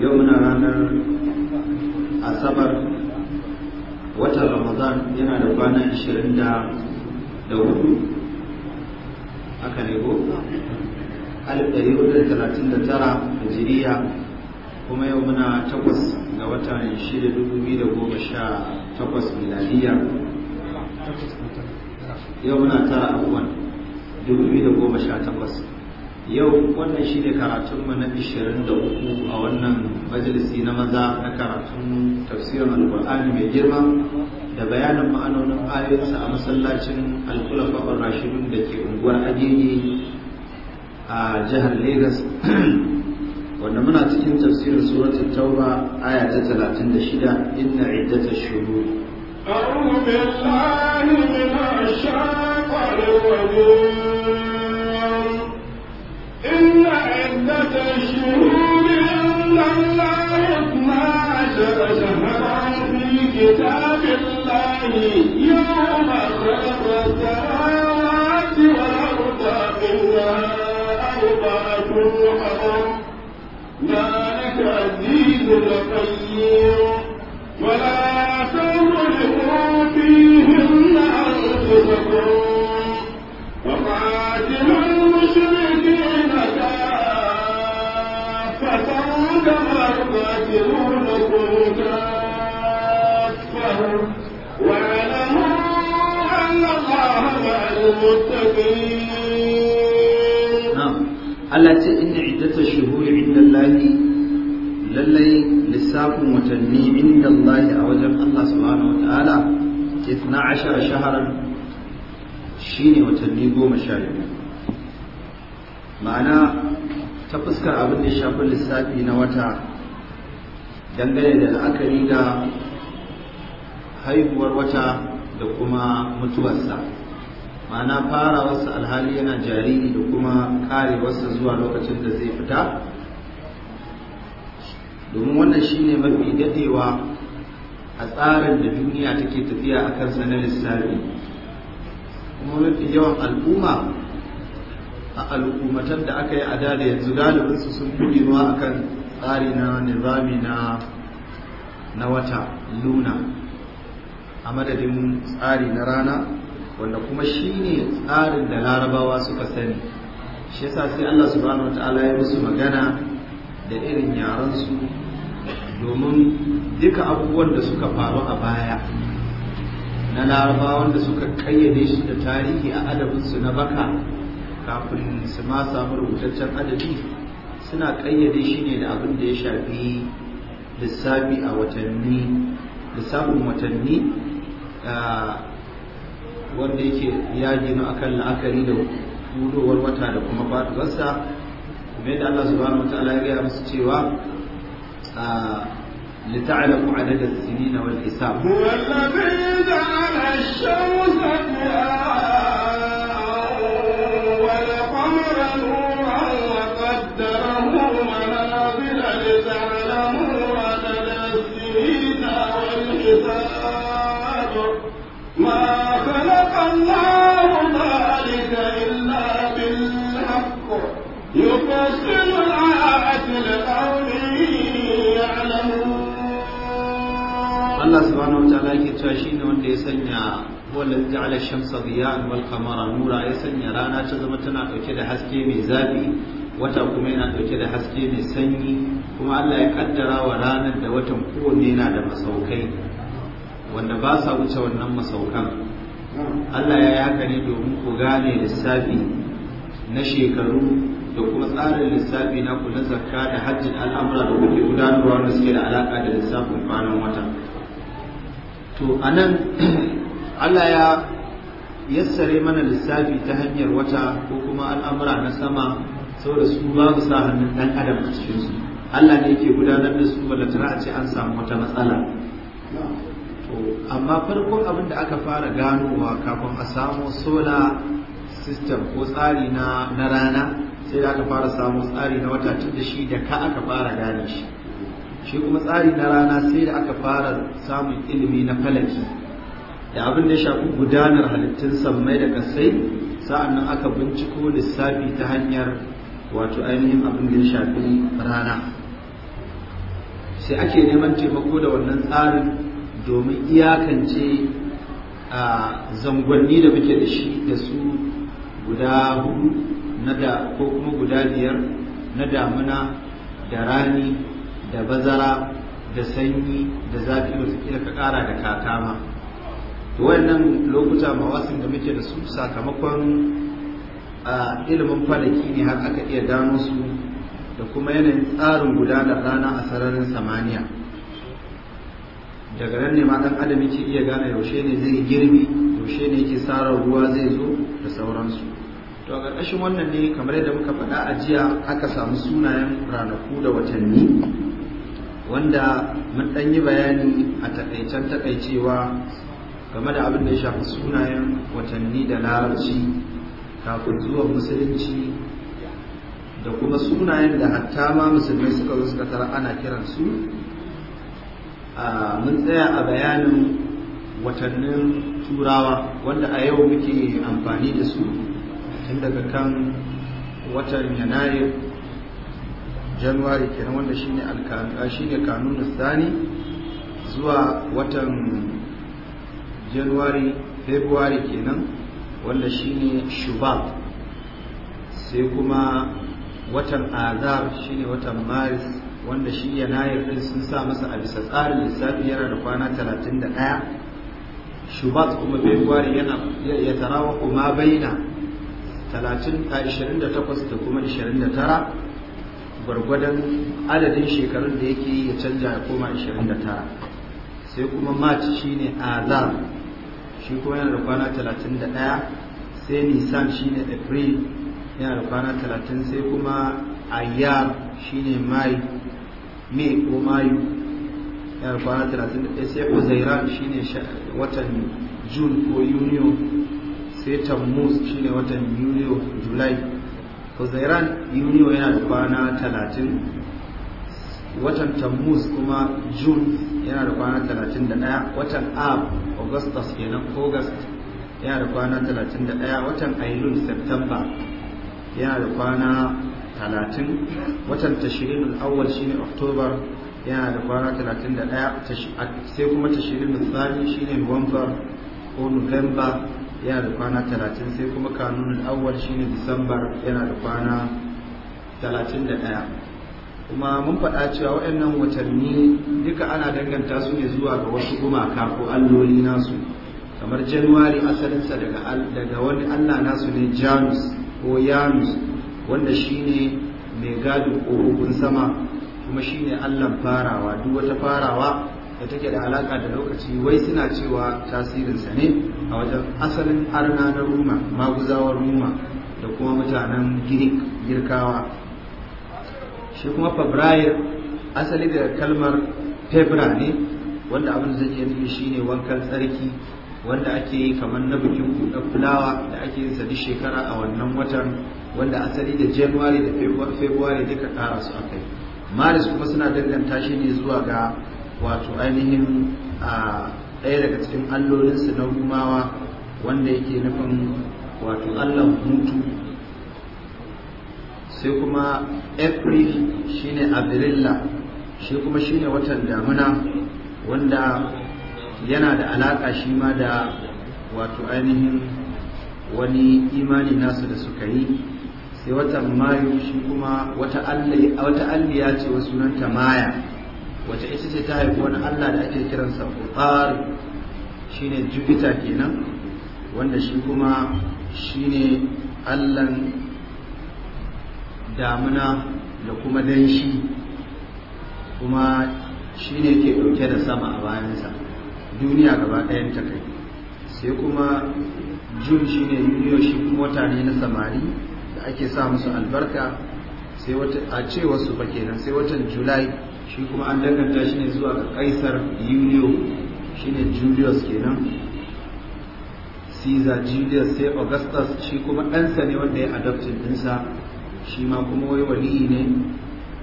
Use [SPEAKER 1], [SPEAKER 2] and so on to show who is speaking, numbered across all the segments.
[SPEAKER 1] yau muna ranar asabar watan ramadan yana da kwana 20 da da hudu aka ne ko alif ɗari da talatin da tara hijiriya kuma yau muna takwas ga wata ne shida dubu biyu da goma sha takwas miladiya
[SPEAKER 2] yau muna tara
[SPEAKER 1] abubuwan dubu biyu da goma sha takwas yau wannan shi ne karatunmu na 23 a wannan majalisi na maza na karatun tafsirin alkur'ani mai girma da bayanin ma'anonin ayoyinsa a masallacin alkulafa'ar rashidun da ke unguwar ajiye a jihar Legas. wanda muna cikin tafsirin surat tauba aya ta 36 inna iddata shuhur
[SPEAKER 3] أعوذ بالله من الشيطان الرجيم إن عدة الشهور عند الله اثنا عشر في كتاب الله يوم خلق السماوات والأرض منها أربعة حرم ذلك الدين القيم ولا تظلموا فيهن أنفسكم وقال كما يقاتلونكم كافة واعلموا أن الله مع المتقين
[SPEAKER 1] نعم التي إن عدة الشهور عند الله lallai lissafin watanni inda Allah a wajen Allah subhanahu wata'ala itna ashara shaharar shine watanni goma sha biyu ma'ana ta fuskar abin da shafi lissafi na wata dangane da la'akari da haihuwar wata da kuma mutuwarsa ma'ana fara wasu alhali yana jariri da kuma kare wasu zuwa lokacin da zai fita domin wannan shine mafi dadewa a tsarin da duniya take tafiya a kansa na lissafi kuma mafi yawan al'umma a al'ummatan da aka yi a da yanzu galibinsu sun buɗe a kan tsari na nizami na wata luna a madadin tsari na rana wanda kuma shi ne tsarin da larabawa suka sani shi yasa sai Allah subhanahu ta'ala ya musu magana da irin yarensu domin duka abubuwan da suka faru a baya na larabawan da suka kayyade shi da tarihi a adabinsu na baka kafin su ma samu rubutaccen adadi suna kayyade shi ne da abin da ya shafi lissafi a watanni lissafin watanni wanda yake ya gino kan la'akari da hudowar wata da kuma faduwarsa kuma yadda Allah subhanahu wa ta'ala ya gaya musu cewa لتعلموا عدد السنين والحساب هو
[SPEAKER 3] الذي جعل الشمس ضياء
[SPEAKER 2] Allah wata
[SPEAKER 1] wataala yake cewa shine wanda ya sanya wanda ja'ala shamsa a wal kamar nura ya sanya rana ta zama tana dauke da haske mai zafi wata kuma yana dauke da haske mai sanyi kuma Allah ya kaddara wa ranar da watan kowanne yana da masaukai wanda ba sa wuce wannan masaukan Allah ya yi ne domin ku gane lissafi na shekaru da kuma tsarin lissafi na ku na zakka da hajjin al'amura da kuke gudanarwa na suke da alaka da lissafin kwanan wata to a nan Allah ya yassare mana lissafi ta hanyar wata ko kuma al'amura na sama saboda su babu sa hannun dan adam a cikin su Allah ne yake gudanar da su balatana a ce an samu wata matsala to amma farko abin da aka fara ganowa kafin a samu solar system ko tsari na rana sai da aka fara samu tsari na wata tun da shi da ka aka fara gane shi shi kuma tsari na rana sai da aka fara samun ilimi na falaki da abin da ya shafi gudanar halittun sammai da kasai sa'annan aka binciko lissafi ta hanyar wato ainihin abin da ya shafi rana sai ake neman taimako da wannan tsarin domin iyakance a zangonni da muke da shi da su guda hudu na da ko kuma guda biyar na damuna da rani da bazara da sanyi da zafi da suke ka kara da katama to wannan lokuta mawasin da muke da su sakamakon ilimin falaki ne har aka iya gano su da kuma yanayin tsarin gudanar rana a sararin samaniya daga nan ne ma dan adam yake iya gane yaushe ne zai girbi yaushe ne yake tsara ruwa zai zo da sauransu to a ƙarƙashin wannan ne kamar yadda muka faɗa a jiya aka samu sunayen ranaku da watanni wanda mun ɗan yi bayani a takaicen takaicewa game da abin da ya shafi sunayen watanni da larabci kafin zuwa musulunci da kuma sunayen da hatta ma musulmai suka zo suka tara ana kiransu mun tsaya a bayanin watannin turawa wanda a yau muke amfani da su tun daga kan watan yanayir januwari kenan wanda shine alkanu ah, shine kanunin sani zuwa watan januwari february kenan wanda shine shubab sai kuma watan azar shine watan maris wanda shi yanayar din sun sa masa a bisa tsarin lissafi yana da kwana 31 shubat kuma february yana ya tarawa kuma baina 28 da kuma 29 gwargwadon adadin shekarun da yake ya canja ya koma 29 sai kuma march ne azar shi kuma yana da kwana 31 sai nisan shi ne april yana da kwana 30 sai kuma ayyar ne mai mai ko mayu yana da kwana 31 sai uzairan ne watan june ko yuniyo sai tammuz shi ne watan yuliyo julai huzairan yuniyo yana da kwana talatin watan tammuz kuma june yana da kwana talatin da ɗaya watan ab augustus kenan august yana da kwana talatin da ɗaya watan ailun september yana da kwana talatin watan tashirin awwal shine october yana da kwana talatin da ɗaya sai kuma tashirin tsari shine nuwambar ko november yana da kwana talatin sai kuma kanunin awwal shine disambar yana da kwana 31 kuma mun faɗa cewa waɗannan watanni duka ana danganta su ne zuwa ga wasu gumaka ko alloli nasu kamar januwari asalinsa daga wani allah nasu ne janus ko yanus wanda shine mai gadin ƙofofin sama kuma shine allah farawa duk wata farawa da take da alaka da lokaci wai suna cewa tasirinsa ne a wajen asalin arna na ruma maguzawar ruma da kuma mutanen girik girkawa shi kuma fabrair asali da kalmar febra ne wanda abin zai iya nufi shine wankan tsarki wanda ake yi kamar na bikin buɗe fulawa da ake yin sa duk shekara a wannan watan wanda asali da january da february duka ƙara su akai maris kuma suna danganta shi ne zuwa ga wato ainihin a ɗaya daga cikin allolinsu na rumawa wanda yake nufin wato allah hutu sai kuma april shine abirilla shi kuma shine watan damuna wanda yana da alaƙa shi ma da wato ainihin wani imani nasu da suka yi sai watan mayu shi kuma wata alliya ce wa sunanta maya wace ita ce ta haifi wani Allah da ake kiransa shi shine Jupiter kenan wanda shi kuma shine allan damuna da kuma danshi kuma shine ke dauke da sama a bayansa duniya gaba ɗayan ta kai sai kuma Jun ne Yuniyo shi kuma na samari da ake sa musu albarka sai a ce wasu ba kenan sai watan Julai shi kuma an danganta shi ne zuwa ga kaisar yulio shi ne julius kenan caesar julius sai augustus shi kuma ɗansa ne wanda ya adoptin ɗinsa shi ma kuma wai wani ne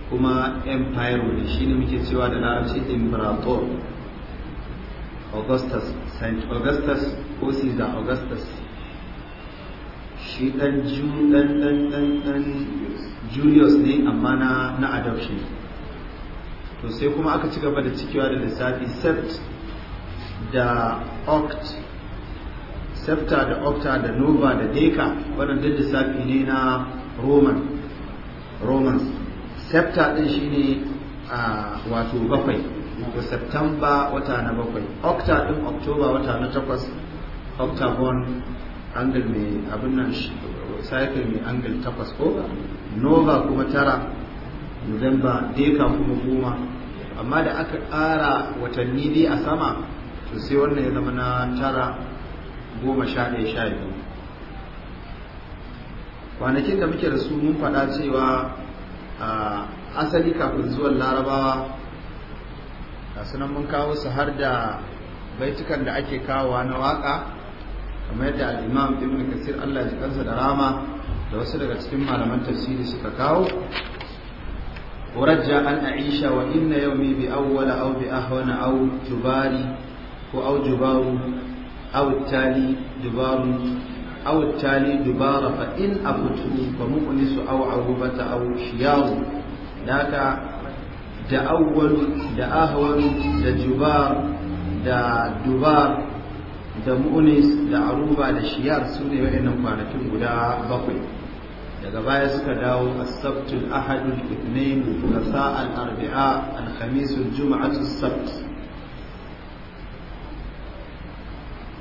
[SPEAKER 1] kuma empire ne shi ne muke cewa da larabci imperator augustus saint augustus ko caesar augustus shi ɗan julius ne amma na adoption to sai kuma aka ci gaba da cikewa da lissafi sept da oct septa da octa da nova da deka waɗannan lissafi ne na roman romans septa ɗin shine a wato bakwai wato september wata na bakwai octa ɗin october wata na takwas octagon angle mai abin nan cycle mai angle takwas ko nova kuma tara nuwamba da ya kuma goma amma da aka ƙara watanni dai a sama to sai wannan ya zama na tara goma sha ɗaya sha biyu kwanakin da muke rasu su mun faɗa cewa a asali kafin zuwan larabawa sunan mun kawo su har da baitukan da ake kawowa na waka kamar yadda al'imam ibn kasir allah jikansa da rama da wasu daga cikin malaman tafsiri suka kawo ورجى أن أعيش وإن يومي بأول أو بأهون أو جباري أو جبار أو التالي جبار أو التالي جبار فإن أبت فمؤنس أو عروبة أو شيار ذاك دا أول دا أهون دا جبار دا دبار da mu'unis da aruba da shiyar su ne waɗannan kwanakin guda daga baya suka dawo asabtul ahadul ithnain thulatha al arba'a al khamis al sabt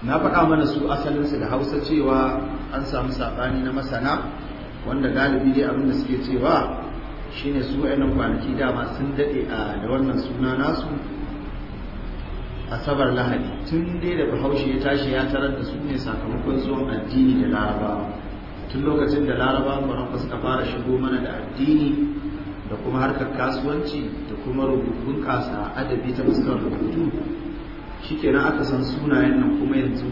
[SPEAKER 1] na faɗa mana su asalinsu da hausa cewa an samu saɓani na masana wanda galibi dai abin da suke cewa shine su wa'annan kwanaki dama sun daɗe a da wannan suna nasu asabar lahadi tun dai da bahaushe ya tashi ya tarar da su ne sakamakon zuwan addini da larabawa tun lokacin da laraba muhammad suka fara shigo mana da addini da kuma harkar kasuwanci da kuma rubutun kasa adabi ta fuskar rubutu shi kenan aka san sunayen nan kuma yanzu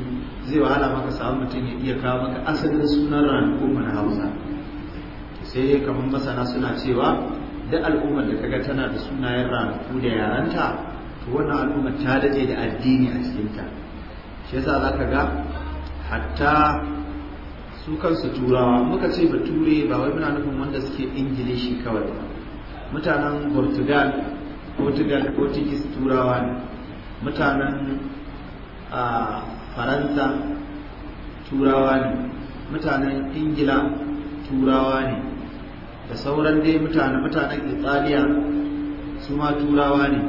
[SPEAKER 1] zai wahala maka samun mutum ya iya kawo maka asalin sunan ranaku mana hausa sai dai kamar masana suna cewa duk al'ummar da kaga tana da sunayen ranaku da yaranta to wannan al'ummar ta daje da addini a cikinta shi yasa za ka ga hatta su kansu turawa muka ce ba ture ba wai muna nufin wanda suke ingilishi kawai ba mutanen portugal portugal portuguese turawa ne mutanen faransa turawa ne mutanen ingila turawa ne da sauran dai mutane mutanen italiya su ma turawa ne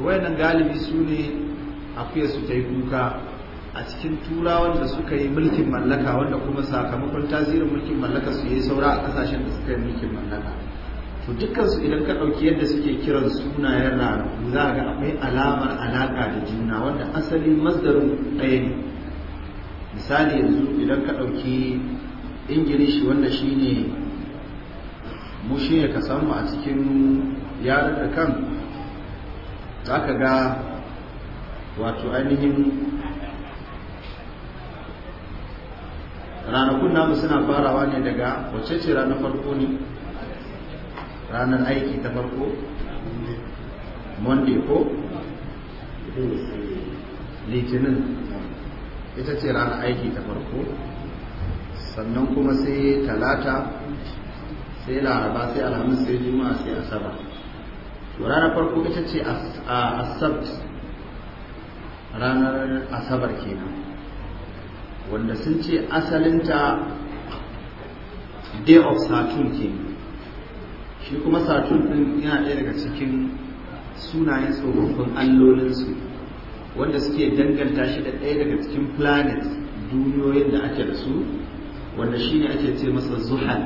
[SPEAKER 1] wayannan galibi su ne fiye su ta yi kuka a cikin turawan da suka yi mulkin mallaka wanda kuma sakamakon tasirin mulkin mallaka su yi saura a kasashen da suka yi mulkin mallaka to dukkansu idan ka ɗauki yadda suke kiran sunayen ranaku za ga akwai alamar alaƙa da juna wanda asalin masdarin ɗaya ne misali yanzu idan ka ɗauki ingilishi wanda shine mu shi ne ka samu a cikin kan za ka ga wato ainihin ranakun namu suna farawa ne daga wacce ce ranar farko ne ranar aiki ta farko monday ko litinin ita ce ranar aiki ta farko sannan kuma sai talata sai laraba sai alhamis sai juma'a sai Asaba. to ranar farko ita ce asabt ranar asabar kenan wanda sun ce asalinta day of saturn ke shi kuma saturn din yana ɗaya daga cikin sunayen tsofaffin allolinsu wanda suke danganta shi da ɗaya daga cikin planet duniyoyin da ake da su wanda shi ne ake ce masa zuhal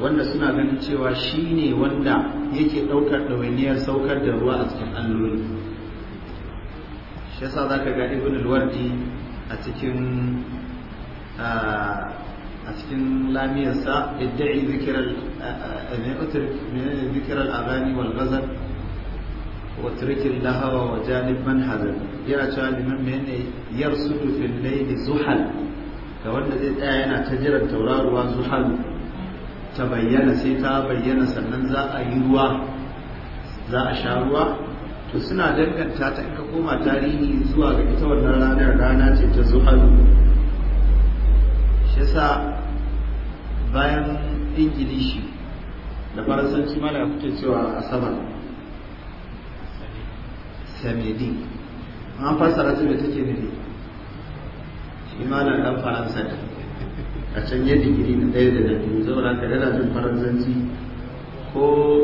[SPEAKER 1] wanda suna ganin cewa shi ne wanda yake ɗaukar ɗawainiyar saukar da ruwa a cikin alloli shi yasa za ka ga ibn alwardi a cikin a cikin lamiyarsa idda'i zikirar agani wal gazar wa lahawa wa janib yana cewa liman menene yar sudu fil laili zuhal ga wanda zai tsaya yana ta jiran tauraruwa zuhal ta bayyana sai ta bayyana sannan za a yi ruwa za a sha ruwa to suna danganta ta in ka koma tarihi zuwa ga ita wannan ranar rana ce ta zuhar shi sa bayan ingilishi da faransanci mana kuke cewa asabar samedi an fassara ta da take nufi shi malam dan faransa a can yadda digiri na ɗaya da biyu zaura ka yana jin faransanci ko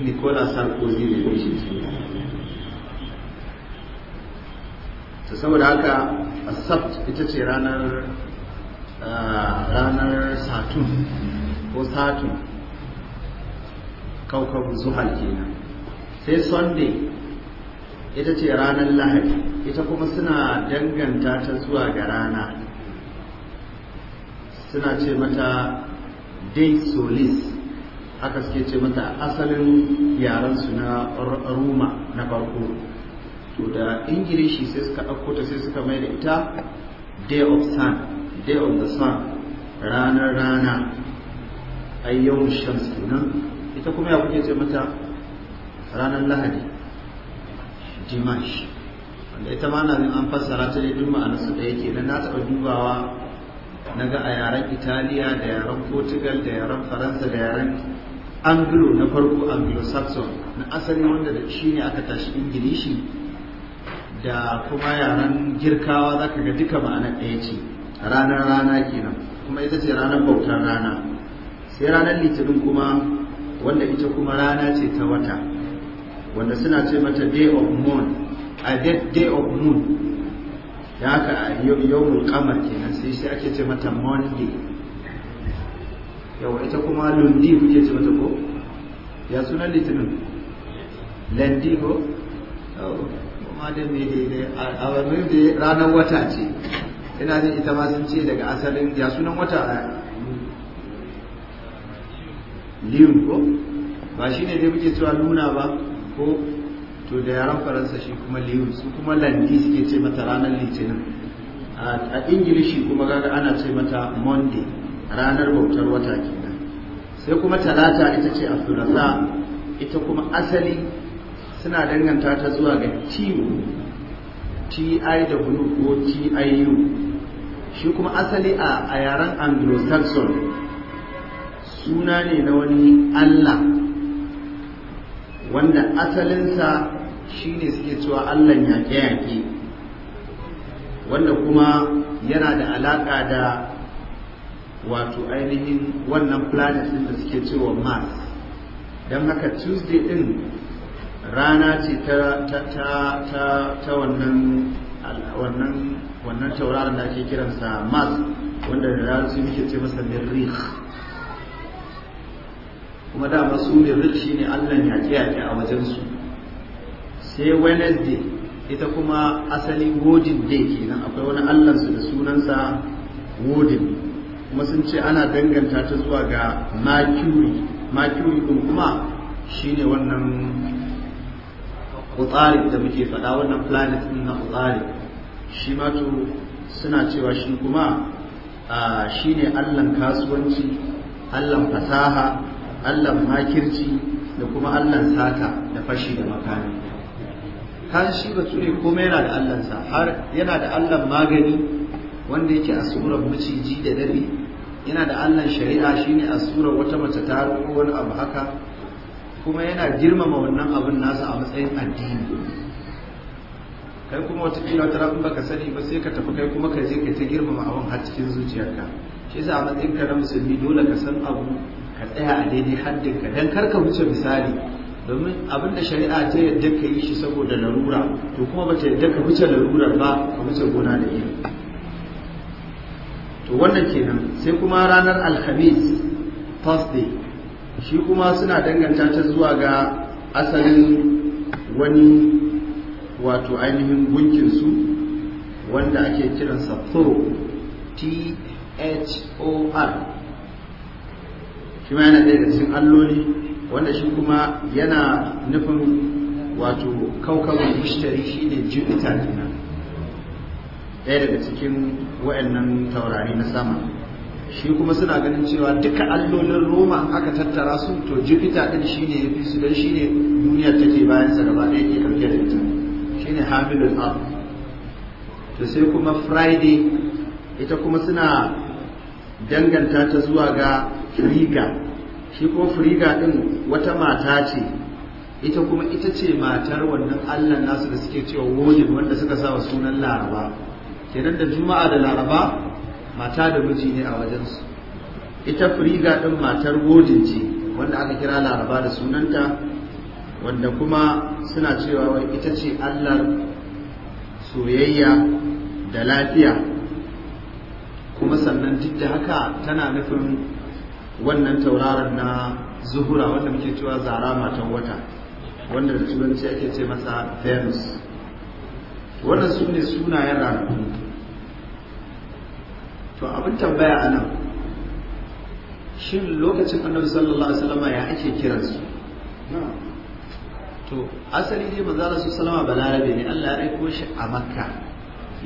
[SPEAKER 1] nicola sarkozy ne shi ce to saboda haka asabt ita ce ranar ranar satun ko satun kaukabin zuhal kenan sai sunday ita ce ranar lahadi ita kuma suna danganta ta zuwa ga rana suna ce mata day solis haka suke ce mata asalin yarensu na roma na farko to da ingilishi sai suka ɗauko sai suka mai da ita day of sun day of the sun ranar rana yawon shams kenan ita kuma ya kuke ce mata ranar lahadi dimash wanda ita ma na an fassara ta ne duk su da yake na na taɓa dubawa na ga a yaren italiya da yaren portugal da yaren faransa da yaren anglo na farko anglo-saxon na asali wanda da shi ne aka tashi ingilishi da kuma yaren girkawa za ka ga duka ma'ana ɗaya ce ranar rana kenan kuma ita ce ranar bautar rana sai ranar litinin kuma wanda ita kuma rana ce ta wata wanda suna ce mata day of moon a day of moon da haka a yawon kamar kenan sai sai ake ce mata monday yawa ita kuma lundi kuke ce mata ko ya sunan litinin lundi ko amma da ne da ranar wata ce ina jin ita ma sun ce daga asalin ya sunan wata a liyun ko ba shi ne dai muke cewa luna ba ko to da yaran faransa shi kuma liyun su kuma landi suke ce mata ranar litinin a ingilishi kuma gaga ana ce mata monday ranar bautar wata kenan sai kuma talata ita ce a ita kuma asali suna danganta ta zuwa ga tiwu tiw ko tiu shi kuma asali a yaren anglo-saxon suna ne na wani allah wanda asalinsa shine suke cewa allah yaƙe-yaƙe wanda kuma yana da alaƙa da wato ainihin wannan planet da suke cewa mars don haka tuesday din. rana ce ta wannan tauraron da ake kiransa mars wanda da su muke ce masa mirrikh kuma dama su mirrikh shine allan yaƙe-yaƙe a wajensu sai wednesday ita kuma asali wodin day kenan akwai wani allansu da sunansa wodin kuma sun ce ana danganta ta zuwa ga mercury mercury kuma shine wannan Kutsarik da muke faɗa wannan planet ɗin na Kutsarik shi ma to suna cewa shi kuma shi ne allan kasuwanci, allan fasaha, allan makirci da kuma allan sata da fashi da makami. kan shi ba ne komai yana da allansa. har yana da Allahn magani wanda yake a surar maciji da dare yana da allan shari'a shine a surar wata mace ta wani abu haka kuma yana girmama wannan abin nasa a matsayin addini kai kuma wata kila wata rabin baka sani ba sai ka tafi kai kuma ka je ka ta girmama abin har cikin zuciyarka shi yasa a matsayin ka na musulmi dole ka san abu ka tsaya a daidai haddinka dan kar ka wuce misali domin abin da shari'a ta yadda ka yi shi saboda larura to kuma ba ta yadda ka wuce larurar ba ka wuce gona da iri to wannan kenan sai kuma ranar alhamis thursday shi kuma suna danganta ta zuwa ga asalin wani wato ainihin gunkinsu wanda ake kiransa thor t-h-o-r shi ma yana ɗaya cikin alloli wanda shi kuma yana nufin wato kaukawar mushtari shi ne jupiter ɗaya daga cikin wa'annan taurari na sama shi kuma suna ganin cewa duka allolin roma aka tattara su to jupiter din ne ya fi su don ne duniyar take bayan sa gaba ɗaya ke ɗauke da ita Shi ne hamilton up to sai kuma friday ita kuma suna danganta ta zuwa ga friga shi kuma friga din wata mata ce ita kuma ita ce matar wannan allah nasu da suke cewa wojin wanda suka sa wa sunan laraba kenan da juma'a da laraba mata da miji ne a wajen su. ita firiga ɗin matar wodin ce wanda aka kira laraba da sunanta wanda kuma suna cewa wai ita ce allah soyayya da lafiya kuma sannan duk da haka tana nufin wannan tauraron na zuhura wanda muke cewa zara matan wata wanda da turanci ake ce masa venus wannan su ne sunayen ranaku to abin tambaya a nan shin lokacin annabi sallallahu alaihi ya ake kiransu to asali dai manzo Allah sallama balarabe ne Allah ya aiko shi a makka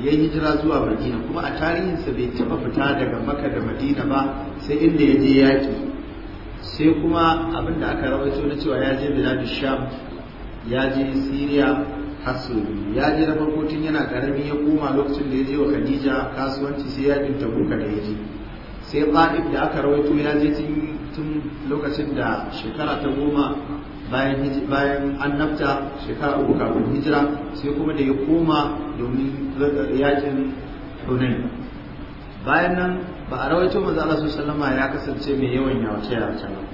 [SPEAKER 1] ya hijira zuwa madina kuma a tarihinsa bai taba fita daga makka da madina ba sai inda ya je yaki sai kuma abinda aka rawaito na cewa ya je biladu sham ya je siriya aswadi ya je na farko tun yana karami ya koma lokacin da ya je wa khadija kasuwanci sai ya yakin tabuka da ya je sai ta'if da aka rawaito ya je tun lokacin da shekara ta goma bayan bayan annabta shekara uku kafin hijira sai kuma da ya koma domin yakin hunain bayan nan ba a rawaito manzo Allah sallallahu alaihi ya kasance mai yawan yawace yawace ba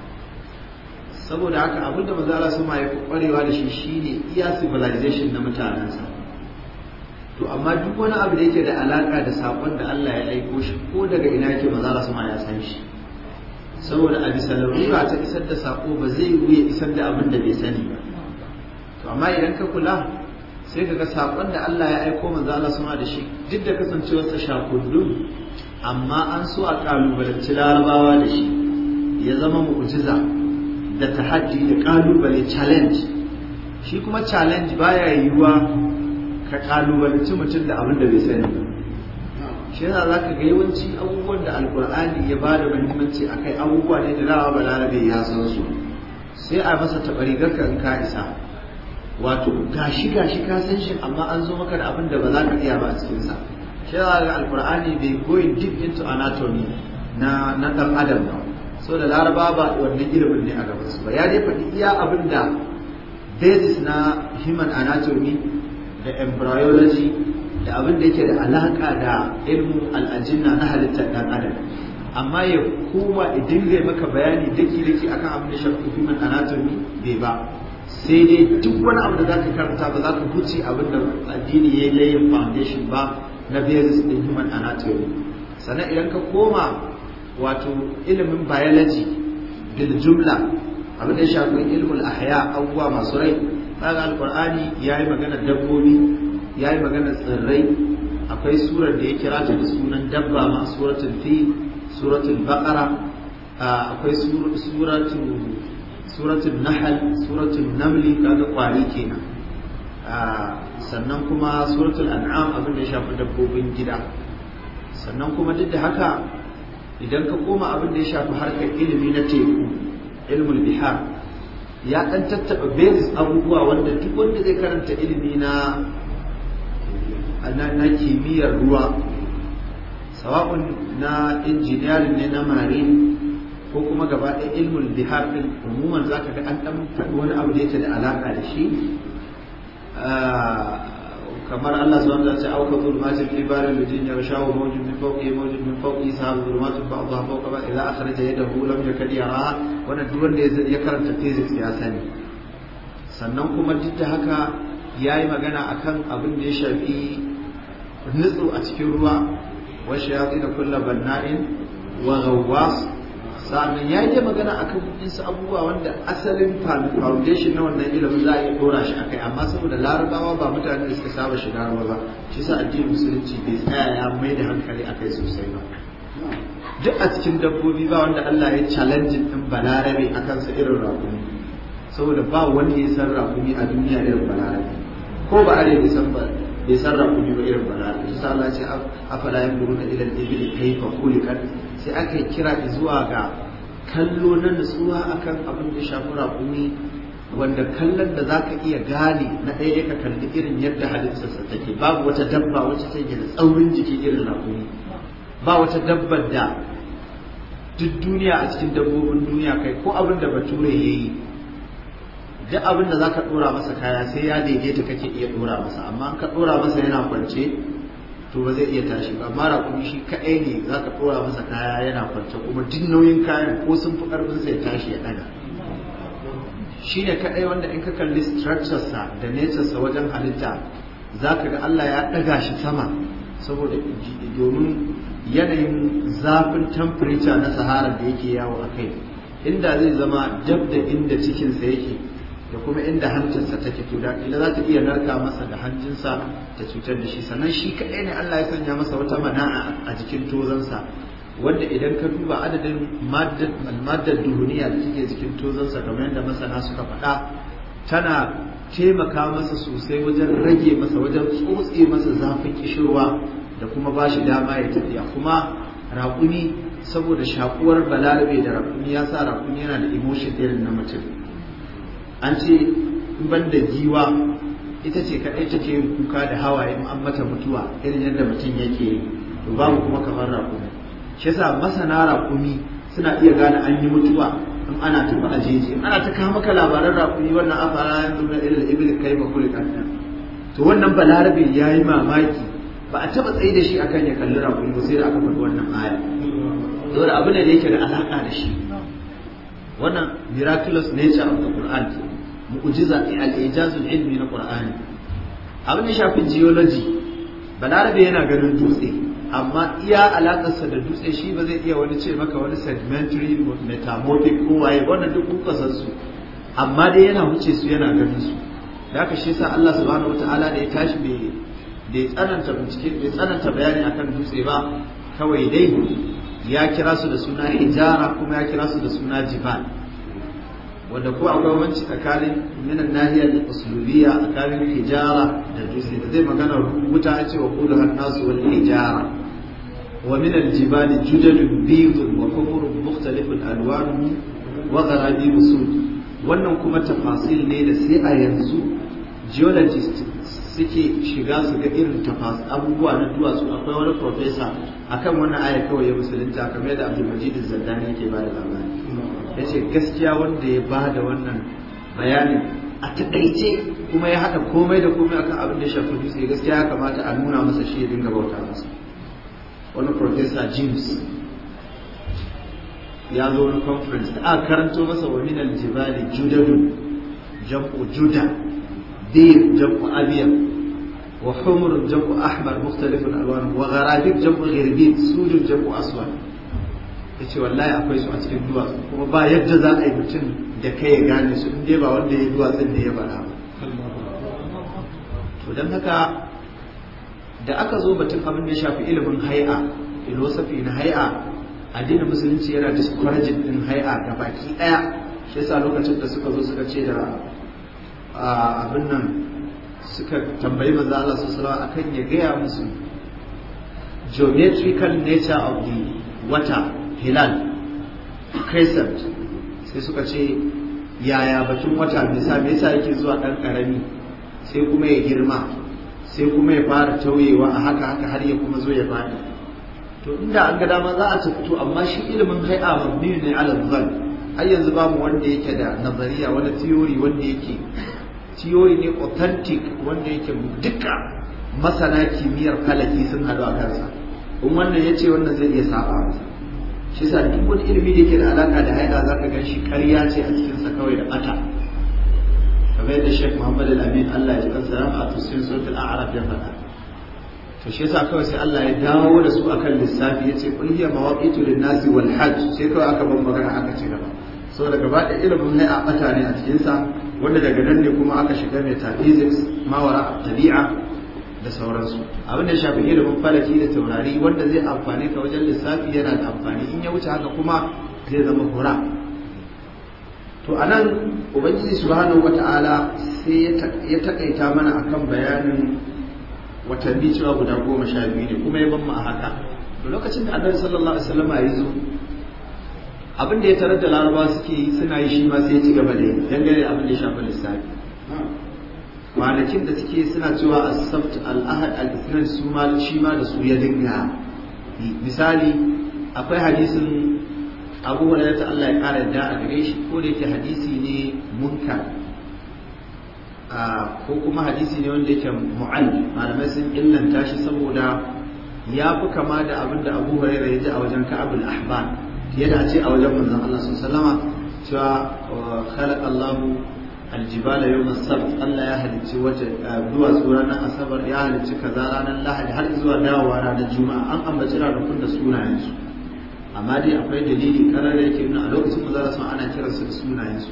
[SPEAKER 1] saboda haka abinda mazala su ma ya kwarewa da shi shine iya civilization na mutanensa to amma duk wani abu da yake da alaka da sakon da Allah ya aiko shi ko daga ina yake mazala su ma ya san shi saboda a bisa larura ta isar da sako ba zai wuya isar da abin da bai sani ba to amma idan ka kula sai ka ga sakon da Allah ya aiko mazala su ma da shi duk da kasancewarsa shakudun amma an so a kalubalanci larabawa da shi ya zama mu'jiza da tahaddi da kalubale challenge shi kuma challenge baya yiwuwa ka ƙalubalci mutum da abin da bai sani ba shi yasa za ka ga yawanci abubuwan da alkur'ani ya ba da muhimmanci a kai abubuwa ne da rawa balarabe ya san su sai a masa taɓarigar ka in ka isa wato gashi gashi ka san shi amma an zo maka da abin da ba za ka iya ba a cikinsa shi yasa ga alkur'ani bai going deep into anatomy na na dan adam ba so da laraba ba wannan girbin ne a gaban su ba ya dai faɗi iya abin da basis na human anatomy da embryology da abin da yake da alaƙa da ilmu al'ajina na halittar ɗan adam amma ya kuma idan zai maka bayani daki daki akan abin da shafi human anatomy bai ba sai dai duk wani abu da za ka karanta ba za huce abin da addini ya layin foundation ba na basis ɗin human anatomy sannan idan ka koma wato ilimin biology bil jumla abin da ya shafi ilmul ahya abubuwa masu rai kaga alqur'ani yayi magana dabbobi yayi magana tsirrai akwai surar da ya kira da sunan dabba ma suratul fi suratul baqara akwai suratul suratul nahl suratul namli kaga kwari kenan sannan kuma suratul an'am abin da ya shafi dabbobin gida sannan kuma duk da haka idan ka koma abin da ya shafi harkar ilimi na teku ilmul bihar ya ɗan tattaɓa basis abubuwa wanda duk wanda zai karanta ilimi na na kimiyyar ruwa sawa'un na injiniyarin ne na marine ko kuma gaba ɗaya ilmul bihar ɗin umuman za ka ga an ɗan wani abu da yake da alaƙa da shi ah, kamar Allah su wa ta'ala ya auka zulmatin fi barin bijin yarshahu mawjin min fauki mawjin min fawqi sahabu zulmatin a fauka ba idza akhraja yadahu lam yakad yara wannan duk wanda ya karanta physics ya sani sannan kuma duk da haka ya yi magana akan abin da ya shafi nutsu a cikin ruwa wa shayatin kullu banna'in wa ghawwas sa'annan ya yi magana a akan isa abubuwa wanda asalin foundation na wannan ilimin za a iya dora shi akai amma saboda larabawa ba mutane da suka saba shiga larabawa ba shi sa addinin musulunci bai tsaya ya mai da hankali akai sosai ba duk a cikin dabbobi ba wanda Allah ya challenge din balarabe akan sa irin rakumi saboda ba wanda ya san rakumi a duniya irin balarabe ko ba are bai san bai san rakumi ba irin balarabe shi sa Allah ya ce afala ibli kayfa khuliqat sai aka kira zuwa ga kallo na nutsuwa akan abin da shafi raƙumi wanda kallon da za ka iya gane na ɗaya ya ka kalli irin yadda halittarsa take babu wata dabba wacce yi da tsaurin jiki irin raƙumi ba wata dabbar da duk duniya a cikin dabbobin duniya kai ko abin da bature ya yi duk abin da za ka ɗora masa kaya sai ya daidaita kake iya ɗora masa amma ka ɗora masa yana kwance to ba zai iya tashi ba amma raƙumi shi kaɗai ne za ka ɗora masa kaya yana kwance kuma duk nauyin kayan ko sun fi ƙarfin sai tashi ya ɗaga shi ne kaɗai wanda in ka kalli sa da sa wajen halitta za ka ga Allah ya ɗaga shi sama saboda domin yanayin zafin temperature na sahara da yake yawo a kai inda zai zama dab da inda cikinsa yake da kuma inda hancinsa take to da kila za ta iya narka masa da hancinsa ta cutar da shi sannan shi kaɗai ne Allah ya sanya masa wata mana'a a jikin tozansa wanda idan ka duba adadin maddar duniya da take jikin tozansa kamar yadda masana suka faɗa tana taimaka masa sosai wajen rage masa wajen tsotse masa zafin kishirwa da kuma ba shi dama ya tafiya kuma raƙumi saboda shakuwar balarabe da raƙumi ya sa raƙumi yana da emotion irin na mutum an ce ban da giwa ita ce kaɗai take yin kuka da hawaye in an mata mutuwa irin yadda mutum yake yi to babu kuma kamar rakumi shi yasa masana rakumi suna iya gane an yi mutuwa in ana tafi a jeji ana ta kawo maka labaran rakumi wannan fara yanzu na irin ibil kai ba kanta to wannan balarabe ya yi mamaki ba a taɓa tsaye da shi akan ya kalli rakumi ba sai da aka faɗi wannan aya saboda abin da yake da alaƙa da shi wannan miraculous nature of the Quran mu'jiza al al ilmi na qur'ani abin da shafi geology balarabe yana ganin dutse amma iya sa da dutse shi ba zai iya wani ce maka wani sedimentary metamorphic ko waye wannan duk kukasan su amma dai yana wuce su yana ganin su da haka shi yasa Allah subhanahu wataala da ya tashi bai bai tsananta bincike bai tsananta bayani akan dutse ba kawai dai ya kira su da suna hijara kuma ya kira su da suna jibal wanda ko akwai wanci tsakanin minan nahiyar da usulubiya tsakanin hijara da dutse da zai magana wuta a cewa hudu har nasu wani hijara wa min aljibali jujadun bidun wa kufurun mukhtalifun alwanu wa gharabi musud wannan kuma tafasil ne da sai a yanzu geologist suke shiga su ga irin tafas abubuwa na duwatsu akwai wani professor akan wannan aya kawai ya musulunta kamar yadda abdulmajid zaddani yake ba da labari ya ce gaskiya wanda ya ba da wannan bayanin a taɗaice kuma ya haɗa komai da komai akan abin da ya shafi dutse gaskiya ya kamata a nuna masa shi ya dinga bauta masa wani professor james ya zo wani conference da aka karanto masa wa minal jibali judadun jam'u juda dir jam'u abiyar jam'u ahmar mustalifin مختلف wa وغرابيب jam'u girbin سود jam'u أسود ya ce wallahi akwai su a cikin duwatsu kuma ba yadda za a yi mutum da kai ya gane su inda ba wanda ya duwatsun da ya bara to don haka da aka zo batun abin da ya shafi ilimin hai'a filosofi na hai'a addinin musulunci yana discouraging din hai'a da baki daya shi yasa lokacin da suka zo suka ce da abin nan suka tambayi manzo Allah sallallahu alaihi akan ya gaya musu geometrical nature of the water hilal crescent sai suka ce yaya bakin wata nisa me yasa yake zuwa ɗan ƙarami sai kuma ya girma sai kuma ya fara tauyewa a haka haka har ya kuma zo ya faɗi to inda an ga dama za a fito amma shi ilimin a mabni ne alal zan har yanzu babu wanda yake da nazariya wani theory wanda yake theory ne authentic wanda yake duka masana kimiyyar falaki sun haɗu a kansa in wannan ya ce wannan zai iya saba masa shi sa duk wani ilimi da yake da alaka da haila za ka gan shi karya ce a cikinsa kawai da ɓata kamar yadda muhammad al-amin allah ya ji kansa a tusin sautin a'arab ya faɗa to shi kawai sai allah ya dawo da su akan lissafi ya ce kun hiya mawaqitu lin-nasi wal hajj sai kawai aka ban magana aka ci gaba saboda gaba da ilimin ne a ɓata ne a cikinsa wanda daga nan ne kuma aka shiga metaphysics mawara tabi'a da sauransu abin da shafi ilimin falaki da taurari wanda zai amfani ka wajen lissafi yana da amfani in ya wuce haka kuma zai zama hura to a nan ubangiji subhanahu wata'ala sai ya takaita mana akan bayanin watanni cewa guda goma sha biyu ne kuma ya ban mu a haka to lokacin da annabi sallallahu alaihi wasallam ya zo abin da ya tarar da larabawa suke suna yi shi ma sai ya ci gaba da yi dangane abin da ya shafi lissafi kwanakin da suke suna cewa asabt al-ahad al-ithnan su ma shi ma da su ya dinga misali akwai hadisin abu hurairah ta Allah ya kara da a gare shi ko da yake hadisi ne munkar ko kuma hadisi ne wanda yake mu'an malamai sun illanta shi saboda ya fi kama da abin da abu hurairah ya ji a wajen ka'abul ahban yana a ce a wajen manzon Allah sallallahu alaihi wasallama cewa khalaqa Allahu aljibala yau sabt Allah ya halicci wata duwatsu ranar asabar ya halicci kaza ranar lahadi har zuwa dawowa ranar juma'a an ambaci ranakun da sunayensu amma dai akwai dalili karar da yake nuna a lokacin maza ana kiransu da sunayensu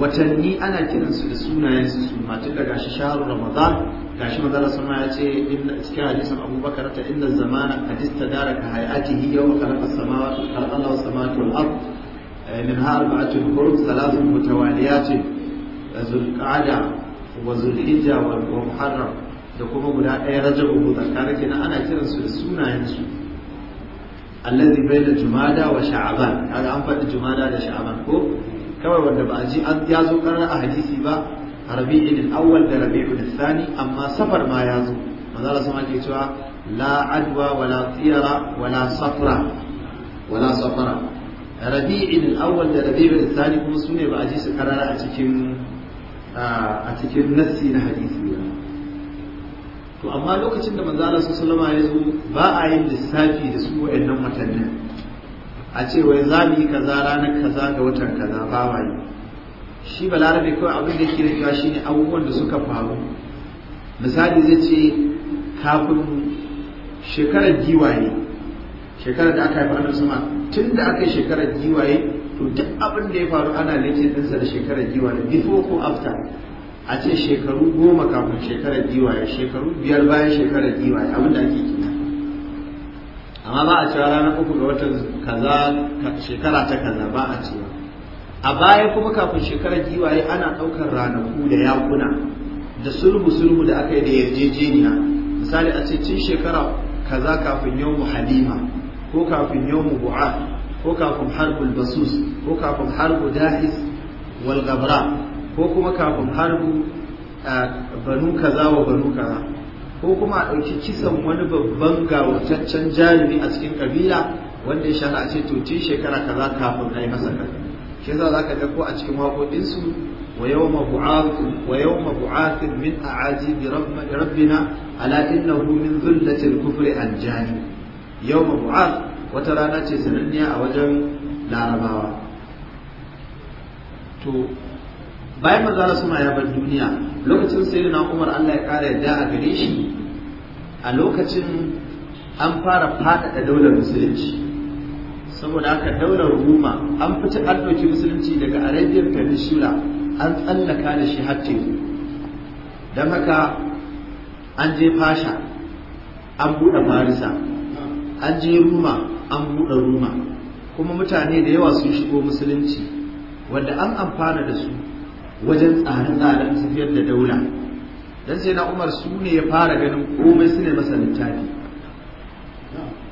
[SPEAKER 1] watanni ana kiransu da sunayensu su ma tun gashi shaharu ramadan gashi maza su ya ce inda cikin hadisin abubakar ta inda zamana hadis ta dara ka hayatihi yau khalaqa samawati khalaqa Allahu samawati wal منها أربعة حروف ثلاث متواليات zulqa'ada wa zulhijja wa muharram da kuma guda ɗaya rajab ko zakara kenan ana kiransu da sunayen su allazi baina jumada wa sha'aban kaga an faɗi jumada da sha'aban ko kawai wanda ba a ji an ya zo karar a hadisi ba rabi'in al-awwal da rabi'un al-thani amma safar ma ya zo manzo Allah sama ke cewa la adwa wa la tiyara wa la safra wa la safara rabi'in al-awwal da rabi'un al-thani kuma sune ba a ji su karar a cikin a cikin nassi na hadisi ne to amma lokacin da manzo Allah sallallahu alaihi wasallam ya zo ba a yin lissafi da su wayannan watannin a ce wai za mu yi kaza ranar kaza ga watan kaza ba ma shi balarabe kawai abin da yake rikewa shine abubuwan da suka faru misali zai ce kafin shekarar giwaye shekarar da aka haifa annabi sama tun da aka yi shekarar giwaye to duk abin da ya faru ana litin dinsa da shekarar giwa da before ko after a ce shekaru goma kafin shekarar giwaye shekaru biyar bayan shekarar giwaye abin da ake kina amma ba a cewa ranar uku ga watan kaza shekara ta kaza ba a cewa a baya kuma kafin shekarar giwaye ana ɗaukar ranaku da yakuna da sulhu sulhu da aka yi da yarjejeniya misali a ce tun shekara kaza kafin yawmu halima ko kafin mu bu'a ko kafin harbul basus ko kafin harbu dahis wal gabra ko kuma kafin harbu banu kaza wa banu kaza ko kuma a ɗauki kisan wani babban gawataccen jarumi a cikin kabila wanda ya shara a ce shekara kaza kafin a yi masa kaza shi za zaka ga ko a cikin waƙoƙinsu wa yau bu'ath wa yawma bu'ath min a'ajib rabbina ala innahu min dhullatil kufri anjani yawma bu'ath wata rana ce sananniya a wajen larabawa to bayan maza suna ya bar duniya lokacin sai na umar allah ya kara yadda a gare shi a lokacin an fara faɗaɗa daular musulunci saboda haka daular ruma an fita an ɗauki musulunci daga arabiyar peninsula an tsallaka da shi har teku don haka an je fasha an buɗe farisa an je ruma an buɗe ruma kuma mutane da yawa sun shigo musulunci wanda an amfana da su wajen tsare-tsaren tafiyar da daula dan sai na umar su ne ya fara ganin komai su ne masa littafi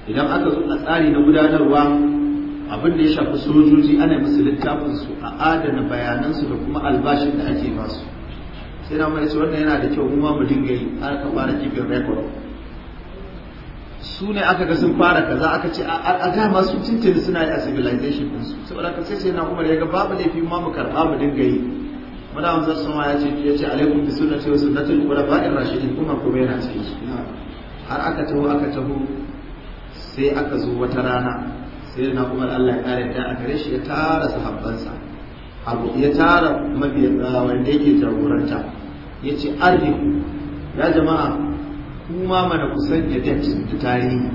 [SPEAKER 1] idan aka zo a tsari na gudanarwa abin da ya shafi sojoji ana musu littafin su a adana bayanansu da kuma albashin da ake basu sai na mai wannan yana da kyau kuma mu dinga yi har ka fara kifin record su ne aka ga sun fara kaza aka ce a dama su tuntuni suna yi a civilization din su saboda ka sai na umar ya ga babu laifi ma mu karba mu dinga yi muna hamsa sama ya ce ya ce alaikum bi sunnati wa sunnatul khulafa'ir rashidin kuma kuma yana cikin su har aka taho aka taho sai aka zo wata rana sai na umar Allah ya kare ta a gare shi ya tara sahabbansa ya tara mabiyan wanda yake jagoranta ya ce arhiku ya jama'a kuma mana ku sanya ta tarihi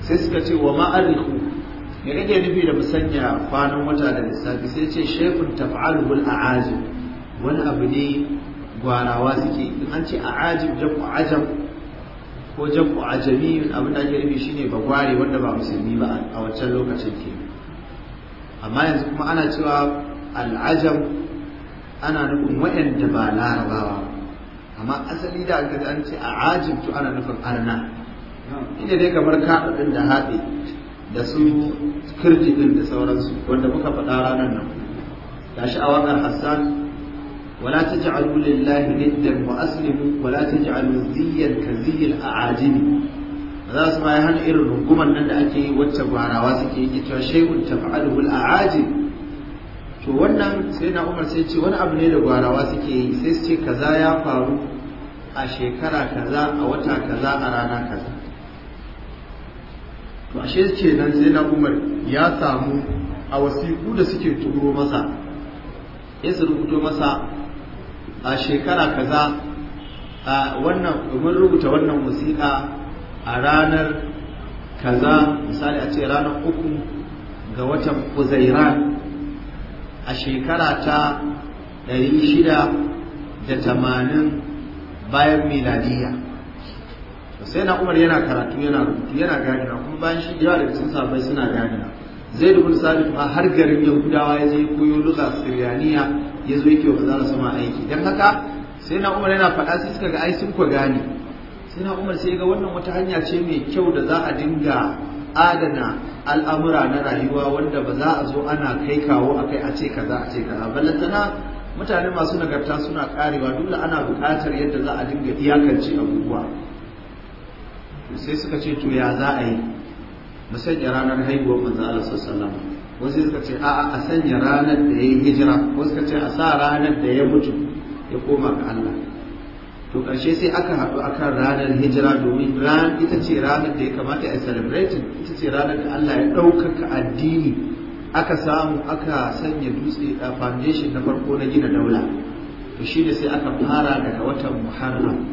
[SPEAKER 1] sai suka ce wa ma'ariku ya kake nufi da musanya kwanan wata da lissafi sai ce shekun taf'aluhul a'ajib wani abu ne gwarawa suke in an ce a'ajib jam'u ajab ko jam'u ajami abin da ake nufi shine gware wanda ba musulmi ba a wancan lokacin ke amma yanzu kuma ana cewa al'ajam ana nufin waɗanda ba larabawa amma asali da aka an ce a ajibtu ana nufin arna ita dai kamar kaɗa ɗin da haɗe da su kirji ɗin da sauransu wanda muka faɗa ranar nan gashi shi waƙar hassan mu'aslimu wala ta ندا واسلموا ka تجعلوا a كزي ba za su ma hana irin rungumar nan da ake yi wacce gwarawa suke yi cewa shay'un taf'aluhu a aajib to wannan sai na umar sai ce wani abu ne da gwarawa suke yi sai su ce kaza ya faru a shekara kaza a wata kaza a rana kaza to ashe ce nan sai na umar ya samu a wasiku da suke turo masa ya su rubuto masa a shekara kaza a wannan mun rubuta wannan wasiƙa a ranar kaza misali a ce ranar uku ga watan kuzairan a shekara ta 680 bayan miladiya sai na umar yana karatu yana rubutu yana ganina kuma bayan shi yawa daga cikin sabai suna ganina zai dubin sabit ma har garin yahudawa ya zai koyo luka siriyaniya ya zo yake wa zara sama aiki don haka sai na umar yana faɗa sai suka ga ai sun kwa gane sai na umar sai ga wannan wata hanya ce mai kyau da za a dinga adana al'amura na rayuwa wanda ba za a zo ana kai kawo a kai a ce kaza a ce kaza balantana mutane masu nagarta suna karewa dole ana buƙatar yadda za a dinga iyakance abubuwa sai suka ce to ya za a yi mu sanya ranar haihuwar manzo Allah sallallahu alaihi wasu suka ce a'a a sanya ranar da ya yi hijira wasu suka ce a sa ranar da ya mutu ya koma ga Allah to ƙarshe sai aka haɗu akan ranar hijira domin ran ita ce ranar da ya kamata a celebrating ita ce ranar da Allah ya ɗaukaka addini aka samu aka sanya dutse a foundation na farko na gina daula to shi ne sai aka fara daga watan Muharram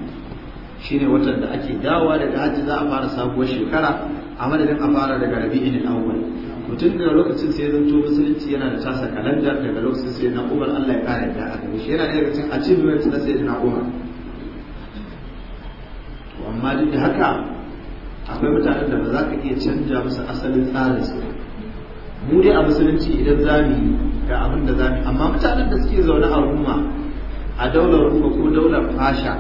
[SPEAKER 1] Shi ne watan da ake dawowa da hajji za a fara sabuwar shekara a madadin a fara daga rabi'in al mutum daga lokacin sai zanto musulunci yana da tasa kalandar daga lokacin sai na umar Allah ya kare da a gaba shi yana daga cikin achievement na umar to amma duk da haka akwai mutanen da ba za ka iya canja musu asalin tsarin su mu dai a musulunci idan za mu yi ga abin da za mu amma mutanen da suke zaune a ruma a daular ruma ko daular fasha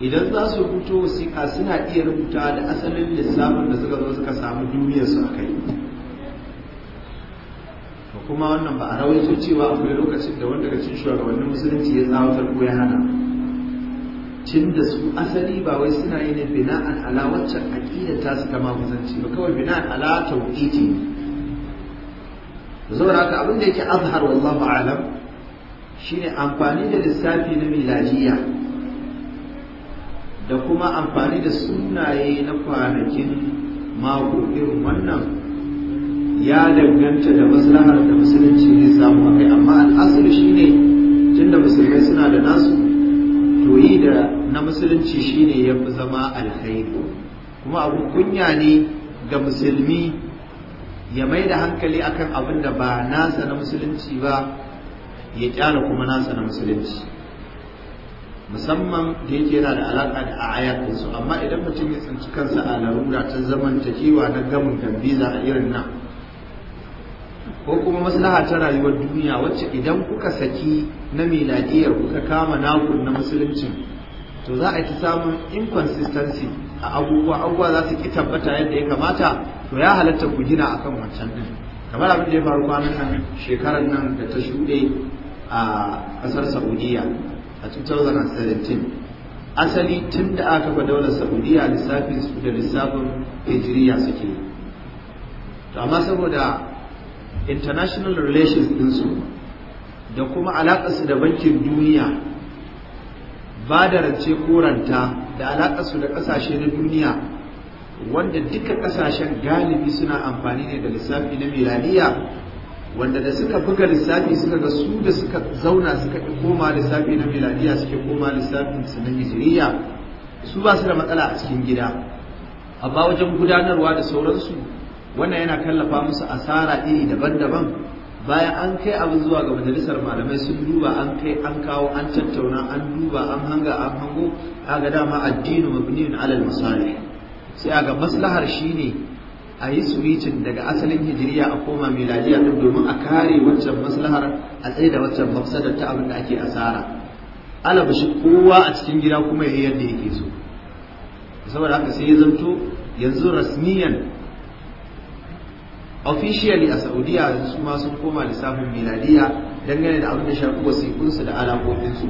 [SPEAKER 1] idan za su rubuto wasiƙa suna iya rubuta da asalin lissafin da suka zo suka samu duniyarsu a kai kuma wannan ba a rawaito cewa akwai lokacin da wanda ga cin shugabannin musulunci ya tsawatar ko ya hana tun da su asali ba wai suna yi ne bina'an ala waccan aƙida ta su ta maguzanci ba kawai bina'an ala tauƙiti ne zaura haka abin da yake azhar wallahu alam shine amfani da lissafi na milajiya, da kuma amfani da sunaye na kwanakin mako irin wannan ya danganta da maslahar da musulunci ne samu a amma al'asali shine tunda musulmai suna da nasu koyi da na musulunci shine ya fi zama alkhairi kuma abu kunya ne ga musulmi ya mai da hankali akan abin da ba nasa na musulunci ba ya kyara kuma nasa na musulunci musamman da yake yana da alaka da ayat su amma idan mutum ya tsinci kansa a larura ta zamantakewa na gamun gambiza a irin nan ko kuma maslaha ta rayuwar duniya wacce idan kuka saki na miladiyar kuka kama naku na musuluncin to za a ta samun inconsistency a abubuwa abubuwa za su ki tabbata yadda ya kamata to ya halatta ku gina akan wancan din kamar abin da ya faru kwanan nan shekarar nan da ta shuɗe a ƙasar saudiya a 2017 asali tun da aka kafa daular saudiya lissafin su da lissafin hijiriya suke to amma saboda international relations ɗinsu da kuma alaƙarsu da bankin duniya ba da rance koranta da alaƙarsu da ƙasashe na duniya wanda duka ƙasashen galibi suna amfani ne da lissafi na miraniya wanda da suka buga lissafi suka ga su da suka zauna suka koma lissafi na miraniya suke koma lissafin su na hijiriya su ba su da matsala a cikin gida amma wajen gudanarwa da sauransu wannan yana kallafa musu asara iri daban-daban bayan an kai abu zuwa ga majalisar malamai sun duba an kai an kawo an tattauna an duba an hanga an hango aga dama addinu mabniyun alal masalih sai aga maslahar shine a yi switchin daga asalin hijiriya a koma miladiya din domin a kare waccan maslahar a tsaye da waccan mafsadar ta abin da ake asara Ala bashi kowa a cikin gida kuma ya yi yadda yake so saboda haka sai ya zanto yanzu rasmiyan officially a saudiya su ma sun koma lissafin miladiya dangane da abin da shafi wasiƙunsu da alaƙoƙinsu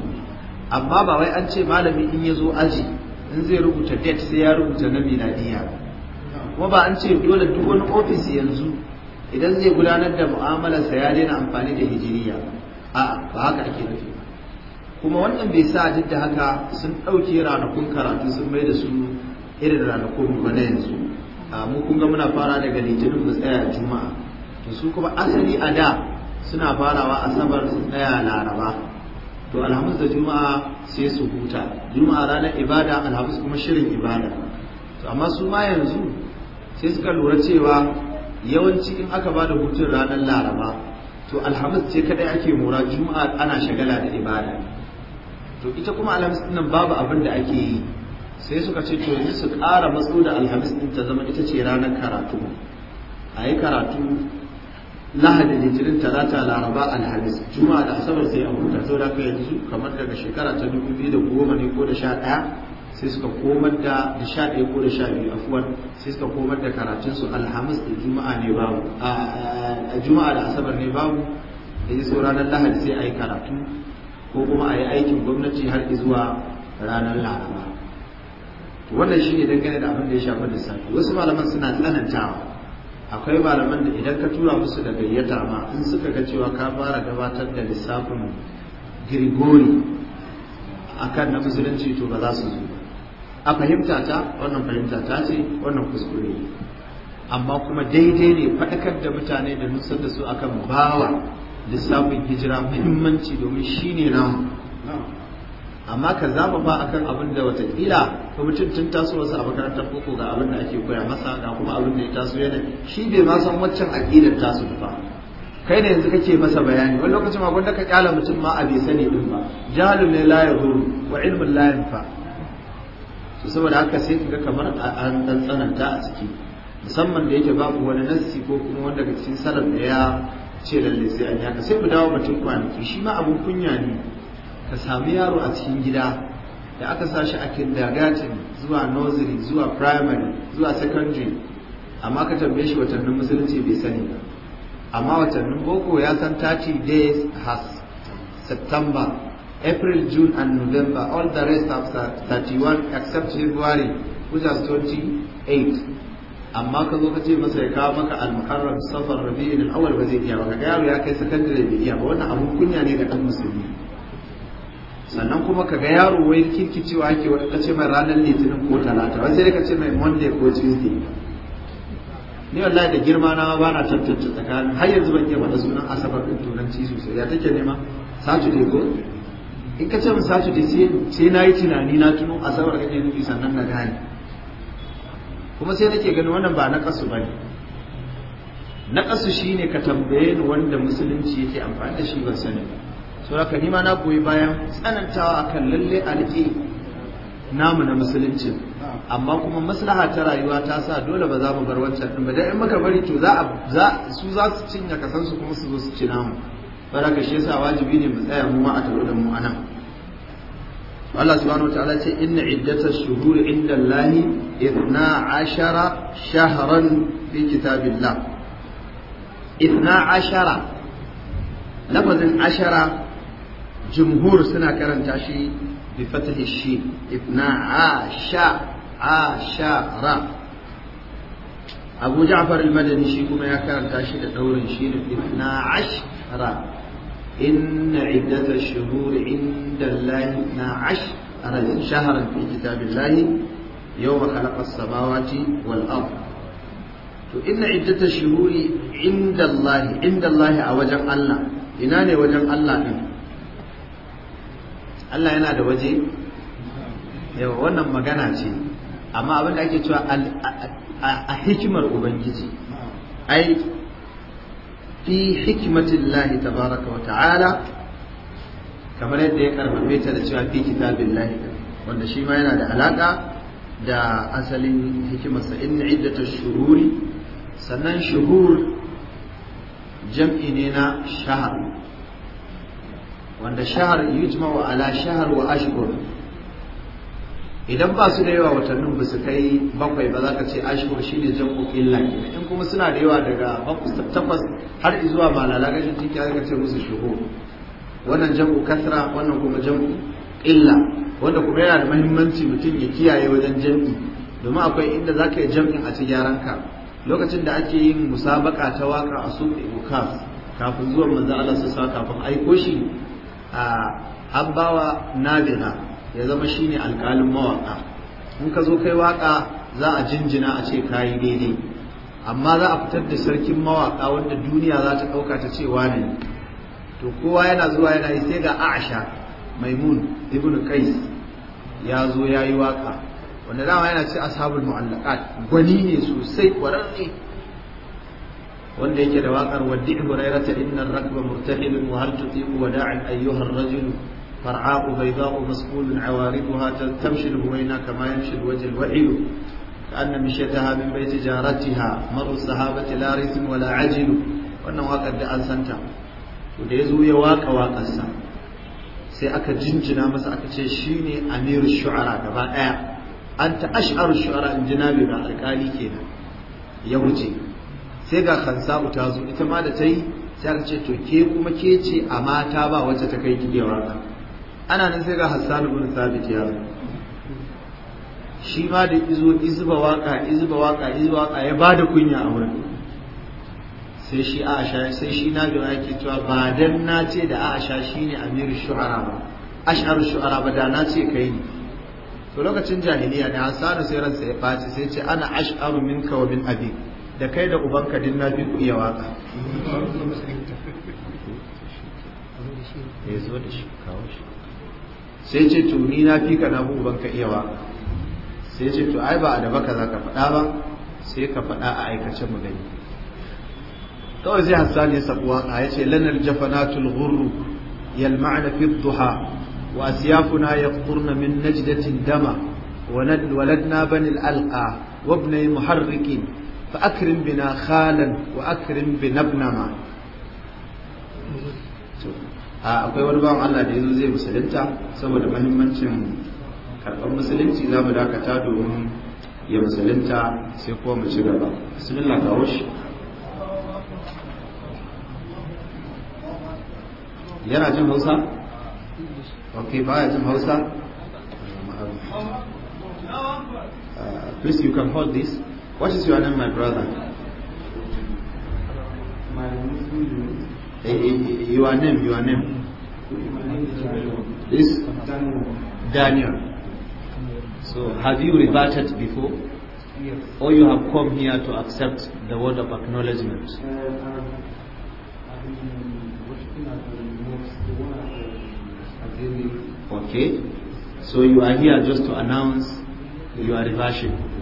[SPEAKER 1] amma ba wai an ce malami in ya zo aji in zai rubuta date sai ya rubuta na miladiya kuma ba an ce dole duk wani ofis yanzu idan zai gudanar da mu'amalarsa ya daina amfani da hijiriya a ba haka ake nufi kuma wannan bai sa duk da haka sun ɗauke ranakun karatu sun mai da su irin ranakun mu na yanzu Ah, mu kun ga muna fara daga litinin mu tsaya juma'a to su kuma asali a da suna farawa asabar su tsaya laraba to alhamis da juma'a sai su huta juma'a ranar ibada alhamis kuma shirin ibada to amma su ma yanzu sai suka lura cewa yawanci in aka bada da hutun ranar laraba to alhamis ce kadai ake mora juma'a ana shagala da ibada to ita kuma alhamis nan babu abin da ake yi sai suka ce to yanzu su ƙara matsu da alhamis ɗin ta zama ita ce ranar karatu a yi karatu lahadi litinin talata laraba alhamis juma'a da asabar sai an huta sau da yanzu kamar daga shekara ta dubu biyu da goma ne ko da sha ɗaya sai suka komar da da sha ɗaya ko da sha biyu afuwar sai suka komar da karatun su alhamis da juma'a ne babu a juma'a da asabar ne babu da yi sau ranar lahadi sai a yi karatu ko kuma a yi aikin gwamnati har zuwa ranar laraba wannan shine dangane da abin da ya shafi lissafi wasu malaman suna tsanantawa akwai malaman da idan ka tura musu da gayyata ma in suka ga cewa ka fara gabatar da lissafin girgori kan na musulunci to ba za su zo a fahimta ta wannan fahimta ta ce wannan kuskure amma kuma daidai ne faɗakar da mutane da nusar da su akan bawa lissafin hijira muhimmanci domin shi ne namu amma ka zama ba akan abin da watakila ka mutum tun taso wasu a makarantar koko ga abin da ake koya masa ga kuma abin da ya taso yana shi bai ma san waccan aƙidar taso ba kai ne yanzu kake masa bayani wani lokacin ma gwanda ka kyala mutum ma a bai sani din ba jahalun ne la yaduru wa ilmun la yanfa to saboda haka sai kaga kamar an dan tsananta a ciki musamman da yake babu wani nassi ko kuma wanda ga cikin sarar da ya ce lalle sai an yaka sai mu dawo mutum kwanaki shi ma abun kunya ne ka sami yaro a cikin gida da aka sa shi a kindergarten zuwa nursery zuwa primary zuwa secondary amma ka tambaye shi watannin musulunci bai sani ba amma watannin boko ya san 30 days has september april june and november all the rest are 31 except february which has 28 amma ka zo ka ce masa ya kawo maka al-muharram safar al awwal ba zai iya ba ka ga yaro ya kai secondary bai iya ba wannan abun kunya ne ga kan musulmi sannan kuma ka ga yaro wai kirkicewa ake wani kace mai ranar litinin ko talata wai sai ka ce mai monday ko tuesday ni wallahi da girma na ba na tantance tsakanin har yanzu ban yaba da sunan asabar din turanci sosai ya take nema saturday ko in ka ce min saturday sai sai na yi tunani na tuno asabar kake nufi sannan na gane kuma sai nake ganin wannan ba na kasu bane na kasu shine ka tambaye ni wanda musulunci yake amfani da shi ban sani ba saboda ni ma na goyi bayan tsanantawa kan lalle a riƙe namu na musulunci amma kuma maslaha ta rayuwa ta sa dole ba za mu bar wancan ɗin ba dan in muka bari to za su za su cinye kasan su kuma su zo su ci namu baraka shi yasa wajibi ne mu tsaya mu ma a taro mu anan Allah subhanahu ta'ala ce inna iddatash shuhuri inda Allahi ashara shahran fi kitabillah ashara, lafazin ashara jumhur suna karanta shi bi fatahi shi ibna asha ashara abu ja'far al-madani shi kuma ya karanta shi da daurin shi da ibna ashara inna iddat ash inda Allah na ashara shahran fi kitabillahi yawma khalaqa as-samawati wal ardh to inna iddatash shuhuri inda Allah a wajen Allah ina ne wajen Allah Allah yana da waje yawa wannan magana ce amma abin da ake cewa a hikimar ubangiji ai fi hikimatin lahi tabaraka wa ta'ala kamar yadda ya karfafe ta da cewa fi kitabin lahi wanda shi ma yana da alaka da asalin hikimarsa in iddata shuhuri sannan shuhur jam'i ne na shahar wanda shahar wa ala shahar wa ashhur idan ba su da yawa watannin ba su kai bakwai ba za ka ce ashhur ne jam'u illa in kuma suna da yawa daga bakwai takwas har zuwa ba shi tiki za ka ce musu shuhu wannan jam'u kasra wannan kuma jam'u illa wanda kuma yana da mahimmanci mutum ya kiyaye wajen jam'i domin akwai inda za ka yi jam'in a cikin gyaran ka lokacin da ake yin musabaka ta waka a suƙi ukas kafin zuwan manzo Allah su sa kafin aiko shi an bawa nabira ya zama shine alkalin mawaƙa in ka zo kai waƙa za a jinjina a ce kayi daidai amma za a fitar da sarkin mawaƙa wanda duniya za ta ɗauka ta ce wani ne to kowa yana zuwa yana yi sai ga Aisha Maimun ibn kais ya zo ya yi waƙa wanda dama yana ce ashabul mu'allaqat gwani ne sosai ƙwararre wanda yake da waƙar waddi hurairata innar rakba murtahilun wa hal tuti'u wada'an ayyuhar rajulu فرعاء بيضاء مسكول عوارضها تمشي الهوينة كما يمشي ha الوعي كأن مشيتها من بيت جارتها مر الصحابة لا رثم ولا عجل وأنه قد أنسنتها وديزو يواك واقسا sai aka jinjina masa aka ce shi ne amir shu'ara gaba ɗaya an ta ash'ar shu'ara in jinabi kenan ya wuce sai ga kansa'u ta zo ita ma da ta yi sai aka ce to ke kuma ke ce a mata ba wacce ta kai ki rana ana nan sai ga hassan ibn sabit ya zo shi ma da izo izuba waka izuba waka izuba waka ya bada kunya a wurin sai shi aisha sai shi na ga yake cewa ba dan na ce da aisha shine amir shu'ara ba ash'ar shu'ara ba da na ce kai ne to lokacin jahiliya ne hassan sai ransa ya faci sai ce ana ash'aru minka wa min abik da kai da ubanka din na fi ku iya waka eh, sai ce to ni na fi ka na ubanka iya waka sai ce to ai ba a da baka za ka faɗa ba sai ka faɗa a aikace mu gani kawai zai hassan ya sabu waka ya ce lanar jafanatul ghurru yalma'na fi duha wa ya yaqurna min najdatin dama ولدنا بني الألقى وابني محرك fa akrim bina khalan wa akrim bi nabnama to akwai wani bawan Allah da yanzu zai musulunta saboda muhimmancin karɓar musulunci za mu dakata domin ya musulunta sai kuma mu ci gaba bismillah ka shi yana jin hausa? ok ba ya jin hausa? Uh, please you can hold this What is your name, my brother?
[SPEAKER 2] My name
[SPEAKER 1] is eh, eh, Your name, your name.
[SPEAKER 2] My name is Daniel.
[SPEAKER 1] Daniel. Daniel. So, have you reverted before? Yes. Or you have come here to accept the word of acknowledgement?
[SPEAKER 2] Uh, okay.
[SPEAKER 1] So you are here just to announce your reversion.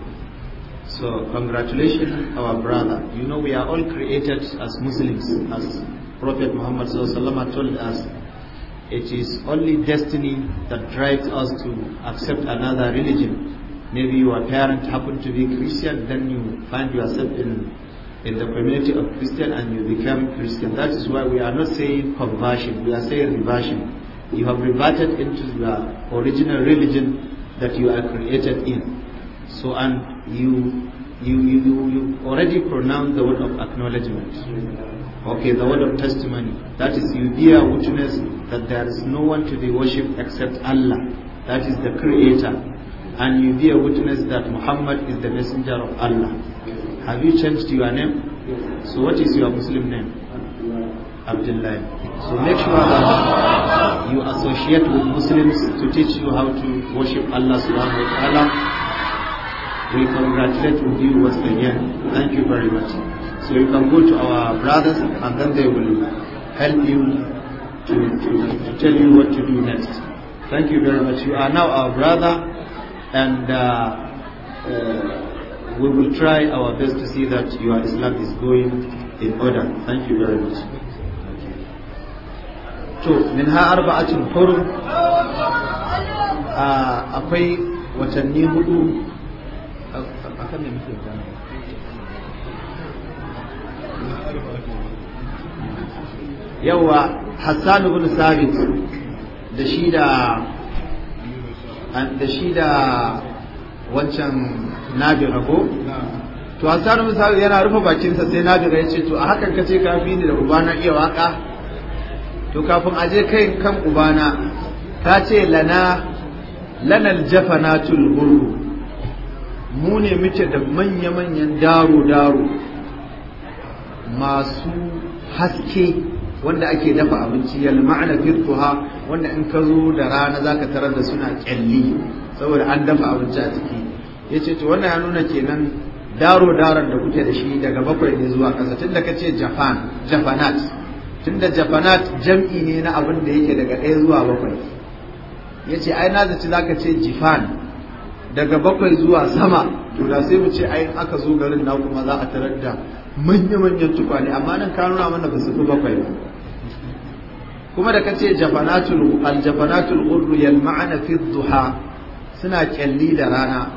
[SPEAKER 1] So congratulations, our brother. You know we are all created as Muslims, as Prophet Muhammad told us. It is only destiny that drives us to accept another religion. Maybe your parent happened to be Christian, then you find yourself in in the community of Christian and you become Christian. That is why we are not saying conversion, we are saying reversion. You have reverted into the original religion that you are created in. So and you you, you, you already pronounced the word of acknowledgement. Okay, the word of testimony. That is, you bear witness that there is no one to be worshipped except Allah. That is the Creator. And you bear witness that Muhammad is the messenger of Allah. Have you changed your name? So what is your Muslim name? Abdullah. So make sure that you associate with Muslims to teach you how to worship Allah subhanahu wa ta'ala. We congratulate with you once again. Thank you very much. So you can go to our brothers and then they will help you to, to, to tell you what to do next. Thank you very much. You are now our brother and uh, uh, we will try our best to see that your Islam is going in order. Thank you very much. To minha arba'atun hurum uh, akwai watanni hudu
[SPEAKER 2] kan ne muke magana
[SPEAKER 1] yawa Hassan ibn Sabit da shi da da shi da wancan Nabi Rago to Hassan ibn Sabit yana rufe bakinsa sai Nabi ya ce to a hakan kace kafi ni da ubana iya waka to kafin aje kai kan ubana ta ce lana lanal jafanatul hurru mu ne muke da manya-manyan daro-daro masu haske wanda ake dafa abinci yal ma'ana firtuha wanda in ka zo da rana zaka tarar da suna kyalli saboda an dafa abinci a ciki yace to wannan ya nuna kenan daro daron da kuke da shi daga bakwai ne zuwa ƙasa tunda kace Japan Japanat tunda Japanat jam'i ne na abin da yake daga ɗaya zuwa bakwai yace ai na zaci ka ce Jifan daga bakwai zuwa sama to da sai mu ce ai aka zo garin na kuma za a tarar da manya-manyan tukwane amma nan ka nuna mana ba su fi bakwai ba kuma da kace jafanatul aljafanatul urru yalma'ana fi duha suna kyalli da rana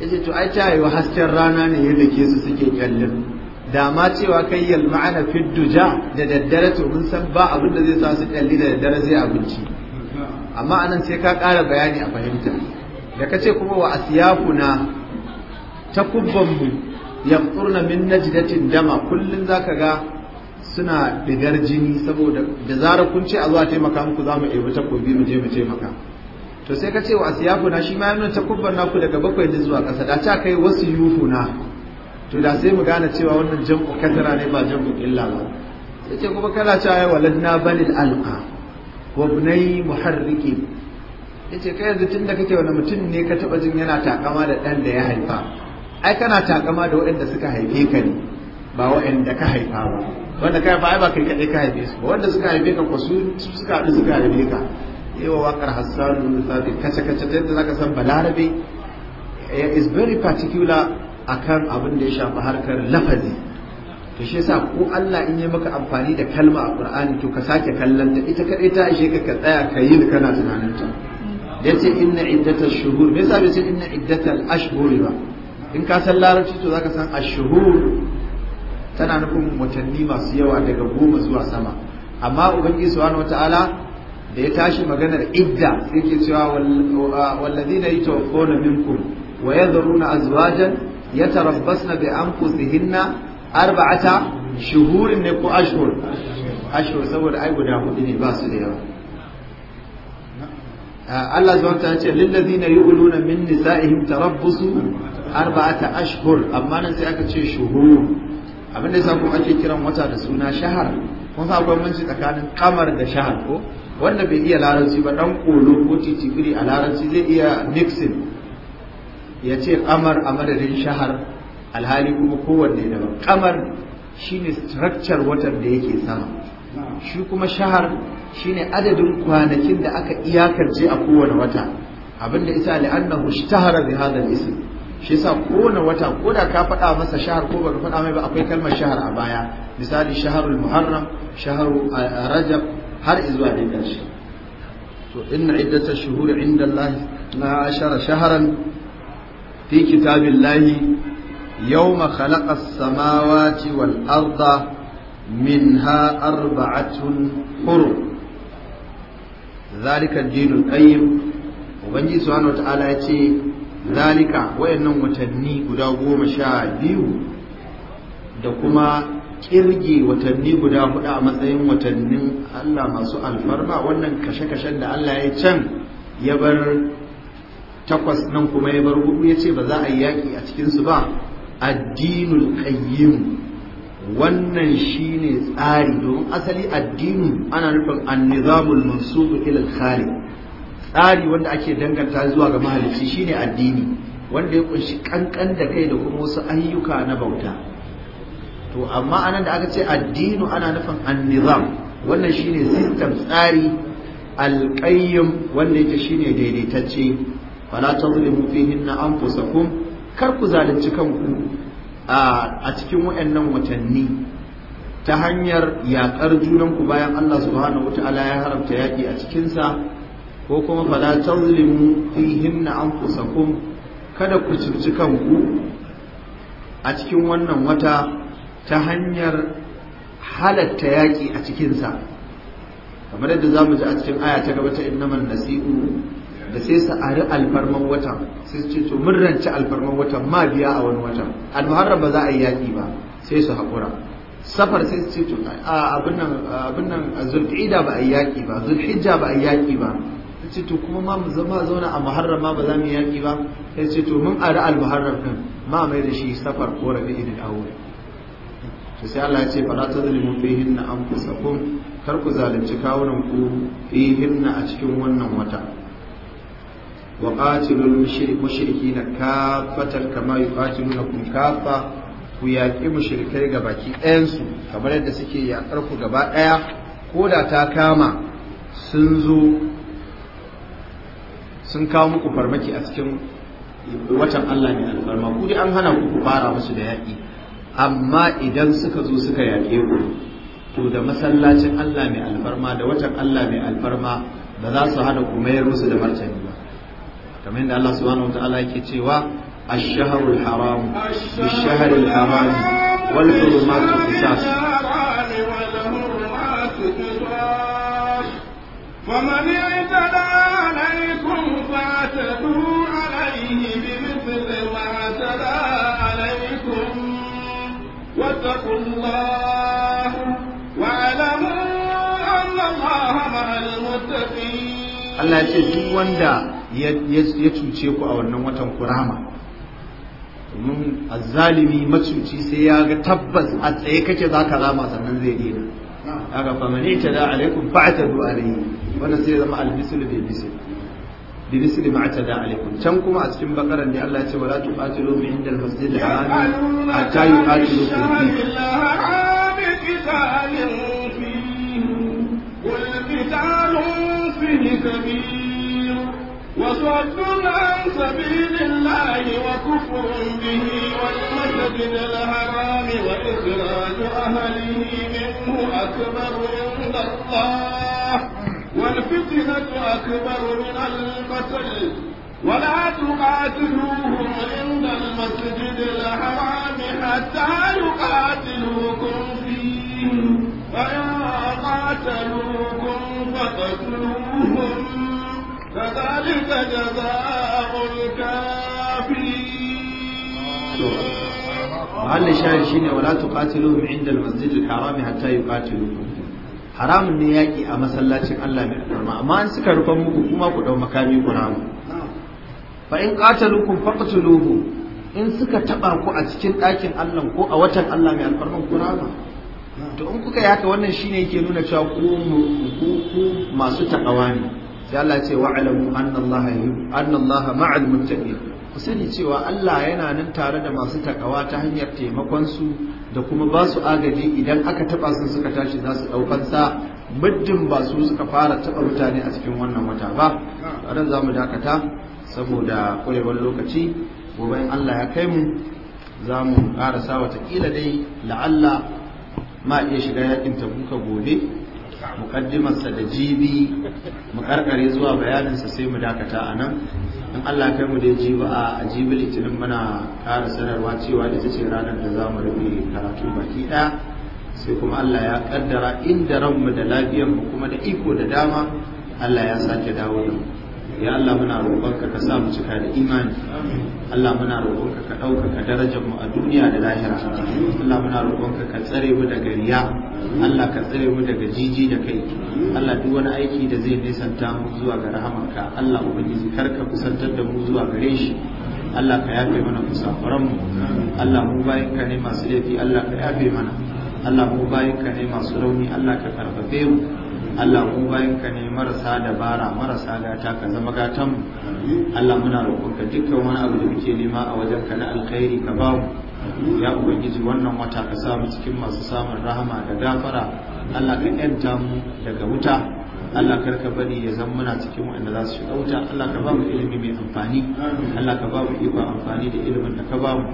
[SPEAKER 1] yace to ai ta yiwa hasken rana ne yadda ke su suke kyallin da ma cewa kai yalma'ana fi duja da daddare to mun san ba abin da zai sa su kyalli da daddare zai abinci amma anan sai ka ƙara bayani a fahimta da kace kuma wa asyafuna takubban mu yaqturna min najdatin dama kullun zaka ga suna digar jini saboda da zarar kun ce a zuwa taimaka muku zamu mu ta takobi mu je mu taimaka to sai ka ce wa asiyafuna shi ma yana kubban naku daga bakwai da zuwa kasa da ta kai wasu yufuna to da sai mu gane cewa wannan jam'u kasara ne ba jam'u illa ba sai ce kuma kala cewa ya waladna balil alqa wa bunai muharriki yace kai yanzu tun da kake wani mutum ne ka taba jin yana takama da ɗan da ya haifa ai kana takama da waɗanda suka haife ka ne ba waɗanda ka haifa ba wanda ka haifa ai ba kai kaɗai ka haife su ba wanda suka haife ka ko su suka haɗu suka haife ka yawa waƙar Hassan Musafi kace kace ta yadda zaka san Balarabe eh, is very particular akan abin da ya shafi harkar lafazi to shi yasa ko Allah in yi maka amfani da kalma a Qur'ani to ka sake kallon ta ita kadai ta ishe ka ka tsaya ka yi kana tunanin ta yace inna iddatash shuhur me yasa yace inna iddatar ashhur ba in ka san larabci to zaka san ashhur tana nufin watanni masu yawa daga goma zuwa sama amma ubangiji subhanahu wataala da ya tashi maganar idda sai ke cewa wallazina yatawaffawna minkum wa yadhuruna azwajan yatarabbasna bi anfusihinna arba'ata shuhurin ne ko ashhur ashhur saboda ai guda hudu ne ba su da yawa Allah zuwa ta ce lillazina yu'luna min nisa'ihim tarabbusu arba'ata ashhur amma nan sai aka ce shuhuru abin da yasa ake kiran wata da suna shahar kun san akwai manci tsakanin kamar da shahar ko wanda bai iya larabci ba dan kolo ko titiri a larabci zai iya mixin ya ce kamar a madadin shahar alhali kuma kowanne daban kamar shine structure watan da yake sama shi kuma shahar shine adadin kwanakin da aka iyakarce a kowane wata abinda isa li'annahu ishtahara bi hadha al shi yasa kowane wata ko da ka faɗa masa shahar ko baka faɗa mai ba akwai kalmar shahar a baya misali shaharul muharram shaharu rajab har izuwa dai karshe to inna iddat shuhur 'inda Allah na ashara shahran fi kitabillahi yawma khalaqa as-samawati wal arda منها أربعة حرم ذلك الدين القيم وبنجي سبحانه وتعالى يتي ذلك وإنهم وتني قدا قوم شابيو دكما watanni guda hudu a matsayin watannin Allah masu alfarma wannan kashe-kashen da Allah ya can ya bar takwas nan kuma ya bar hudu ya ce ba za a yi yaƙi a cikinsu ba addinul qayyim wannan shine tsari domin asali addini ana nufin annizamul mansubu ila al tsari wanda ake danganta zuwa ga mahalicci shine addini wanda ya kunshi kankan da kai da kuma wasu ayyuka na bauta to amma anan da aka ce addinu ana nufin annizam wannan shine system tsari alƙayyim wanda yake shine daidaitacce fala tazlimu fihinna anfusakum kar ku zalunci kanku a cikin waɗannan watanni ta hanyar yaƙar junanku bayan Allah subhanahu wata'ala ya haramta yaƙi a cikinsa ko kuma fala tazlimu fihim na anfusakum kada ku cuci kanku a cikin wannan wata ta hanyar halatta yaƙi a cikinsa kamar yadda za mu ji a cikin aya ta gaba ta innamal nasi'u da sai su ari alfarman watan sai su ce to mun ranci alfarman watan ma biya a wani watan almuharram ba za a yi yaki ba sai su haƙura safar sai su ce to abin nan abin nan zulhijja ba a yi yaki ba zulhijja ba a yi yaki ba sai ce to kuma ma mu zama zauna a muharram ma ba za mu yi yaki ba sai ce to mun ari almuharram din ma mai da shi safar ko rabi'il awwal to sai Allah ya ce fala an fihinna anfusakum kar ku zalunci kawunan ku hinna a cikin wannan wata وقاتلوا المشركين كافة كما يقاتلونكم كافة وياكي مشركين غباكي انسو كما suke سكي يأتركوا غبا ايا كودا تاكاما سنزو sun kawo muku farmaki a cikin watan Allah mai alfarma ku dai an hana ku fara musu da yaƙi amma idan suka zo suka yaƙe ku to da masallacin Allah mai alfarma da watan Allah mai alfarma ba za su hana ku mayar musu da martani ba kamar yadda Allah subhanahu wata'ala cewa ash-shahrul haram ash-shahrul haram ya cuce ku a wannan watan kurama domin azzalimi macuci sai ya ga tabbas a tsaye kake za ka rama sannan zai dina daga famani ta da alaikum fa'tadu alayhi wannan sai zama albisul bi bisul bi bisul ma ta da alaikun can kuma a cikin bakaran da Allah ya ce wala tuqatilu bi inda almasjid alharam hatta yuqatilu fi
[SPEAKER 3] قل قتال فيه كبير وصد عن سبيل الله وكفر به والمسجد الحرام وإخراج أهله منه أكبر عند الله والفتنة أكبر من القتل ولا تقاتلوهم عند المسجد الحرام حتى يقاتلوكم فيه فإن وذلك جزاء الكافرين
[SPEAKER 1] mahallin shahid shine wala tuqatiluhum inda al-masjid al-haram hatta haramun ne yaki a masallacin Allah mai alfarma amma an suka rufan muku kuma ku dau makami ku ramu fa in qatalukum faqtuluhu in suka taba ku a cikin ɗakin Allah ko a watan Allah mai alfarma ku rama to in kuka yaka wannan shine yake nuna cewa ku ku masu takawa ne sai Allah ce wa'lamu anna Allah anna Allah ma'al muttaqin ku sani cewa Allah yana nan tare da masu takawa ta hanyar taimakon su da kuma ba su agaji idan aka taba su suka tashi za su daukar sa muddin ba su suka fara taba mutane a cikin wannan wata ba ran za mu dakata saboda kurewar lokaci gobe in Allah ya kai mu za mu karasa kila dai la'alla ma iya shiga yakin tabuka gobe mukaddimarsa da jibi mu karkare zuwa bayaninsa sai mu dakata a nan in allah kai mu dai jibi a jibi litinin muna kara sanarwa cewa ita ce ranar da za mu karatu baki ɗaya sai kuma allah ya kaddara inda ranmu da lafiyar mu kuma da iko da dama allah ya sake dawo da mu ya Allah muna roƙonka ka sa mu cika da imani Allah muna roƙonka ka ɗaukaka darajar mu a duniya da lahira Allah muna roƙonka ka tsare mu daga riya Allah ka tsare mu daga jiji da kai Allah duk wani aiki da zai nisanta mu zuwa ga rahamanka Allah ubangiji kar ka kusantar da mu zuwa gare shi Allah ka yafe mana kusafuran mu Allah mu bayan ka ne masu laifi Allah ka yafe mana Allah mu bayan ka ne masu rauni Allah ka karfafe mu Allah bayan ka ne marasa dabara marasa gata ka zama gatan mu Allah muna ka dukkan wani abu da muke nema a wajen ka na alkhairi ka ba mu ya ubangiji wannan wata ka sa mu cikin masu samun rahama da gafara Allah ka yanta mu daga wuta Allah kar ka bari ya zama muna cikin wanda za su shiga wuta Allah ka ba mu ilimi mai amfani Allah ka ba mu iko amfani da ilimin da ka ba mu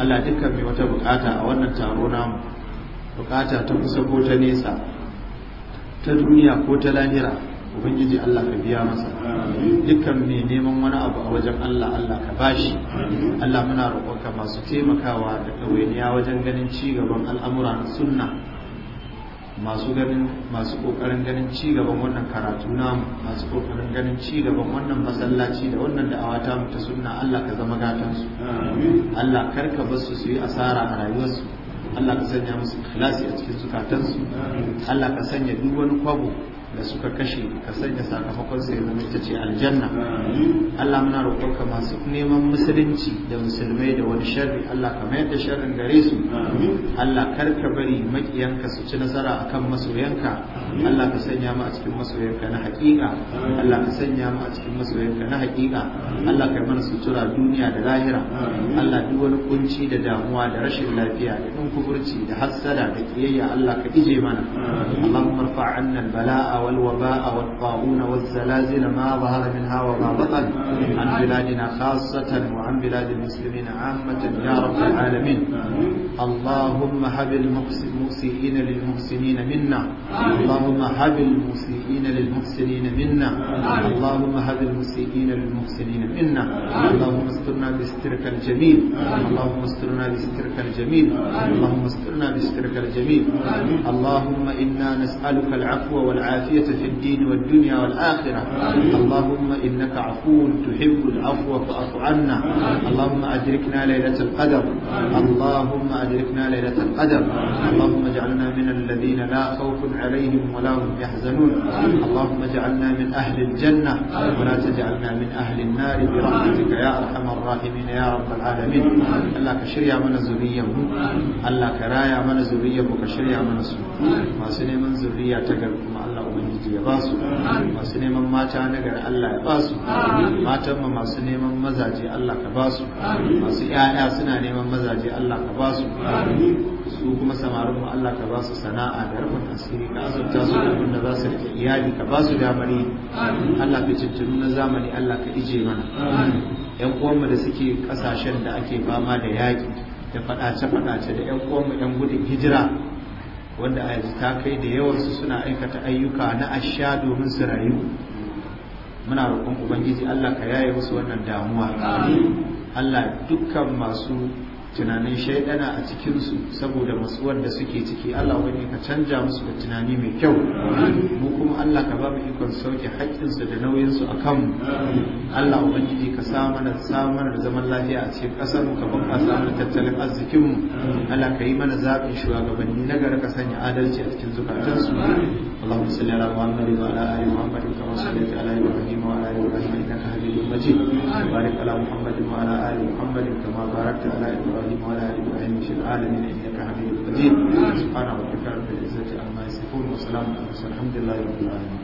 [SPEAKER 1] Allah dukkan mai wata bukata a wannan taro namu bukata ta kusa ko ta nesa ta duniya ko ta lahira ubangiji Allah ka biya masa dukkan mai neman wani abu a wajen Allah Allah ka bashi Allah muna roƙonka masu taimakawa da ɗawainiya wajen ganin ci gaban al'amura na sunna masu ganin masu ƙoƙarin ganin ci gaban wannan karatu namu masu ƙoƙarin ganin ci gaban wannan masallaci da wannan da'awa ta mu ta sunna Allah ka zama su. Allah karka bar su su yi asara a rayuwarsu Allah ka sanya musu ikhlasi a cikin zukatansu Allah ka sanya duk wani kwabo da suka kashe ka sanya sakamakon sai zama ita ce aljanna Allah muna roƙonka masu neman musulunci da musulmai da wani sharri Allah ka mayar da sharrin gare su Allah kar ka bari makiyanka su ci nasara akan masoyanka Allah ka sanya mu a cikin masoyanka na haƙiƙa Allah ka sanya mu a cikin masoyanka na haƙiƙa Allah ka mana sutura duniya da lahira Allah duk wani kunci da damuwa da rashin lafiya da ɗan kuburci da hassada da kiyayya Allah ka ije mana Allahumma rfa' al-bala'a والوباء والطاعون والزلازل ما ظهر منها وما بطن عن بلادنا خاصة وعن بلاد المسلمين عامة يا رب العالمين اللهم هب المسيئين للمحسنين منا اللهم هب المسيئين للمحسنين منا اللهم هب المسيئين للمحسنين منا اللهم استرنا بسترك الجميل اللهم استرنا بسترك الجميل اللهم استرنا بسترك الجميل اللهم إنا نسألك العفو والعافية والعافية في الدين والدنيا والآخرة اللهم إنك عفو تحب العفو فاعف عنا اللهم أدركنا ليلة القدر اللهم أدركنا ليلة القدر اللهم اجعلنا من الذين لا خوف عليهم ولا هم يحزنون اللهم اجعلنا من أهل الجنة ولا تجعلنا من أهل النار برحمتك يا أرحم الراحمين يا رب العالمين الله كشريا من زريا الله كرايا من زريا وكشريا من سوء ما سنة من زريا تقر الله ubangiji ya basu masu neman mata na gari Allah ya basu matan ma masu neman mazaje Allah ka basu masu ƴaƴa suna neman mazaje Allah ka basu su kuma samarin mu Allah ka basu sana'a da rufin asiri ka azurta su da wanda za su rike iyali ka basu damar yi Allah ka cincinu na zamani Allah ka ije mana yan uwanmu da suke kasashen da ake fama da yaki, da faɗace-faɗace da yan uwanmu yan gudun hijira wanda a yanzu ta kai da yawansu suna aikata ayyuka na asha domin su rayu muna roƙon ubangiji Allah ka yaye musu wannan damuwa Allah dukkan masu tunanin shaidana a cikinsu saboda matsuwar da suke ciki Allah wani ka canja musu da tunani mai kyau mu kuma Allah ka ba mu ikon sauke haƙƙinsu da nauyinsu a kanmu Allah ubangiji ka sa mana samar da zaman lafiya a cikin ƙasar mu ka bunƙasa mana tattalin arzikin mu Allah ka yi mana zaɓin shugabanni na gari ka sanya adalci a cikin zukatansu اللهم صل على محمد وعلى ال محمد كما صليت على ابراهيم وعلى ال ابراهيم انك حميد مجيد وبارك على محمد وعلى ال محمد كما باركت على ابراهيم إبراهيم وعلى آل إبراهيم في العالمين إنك حميد مجيد سبحان ربك رب العزة عما يصفون وسلام على المرسلين
[SPEAKER 2] الحمد لله رب العالمين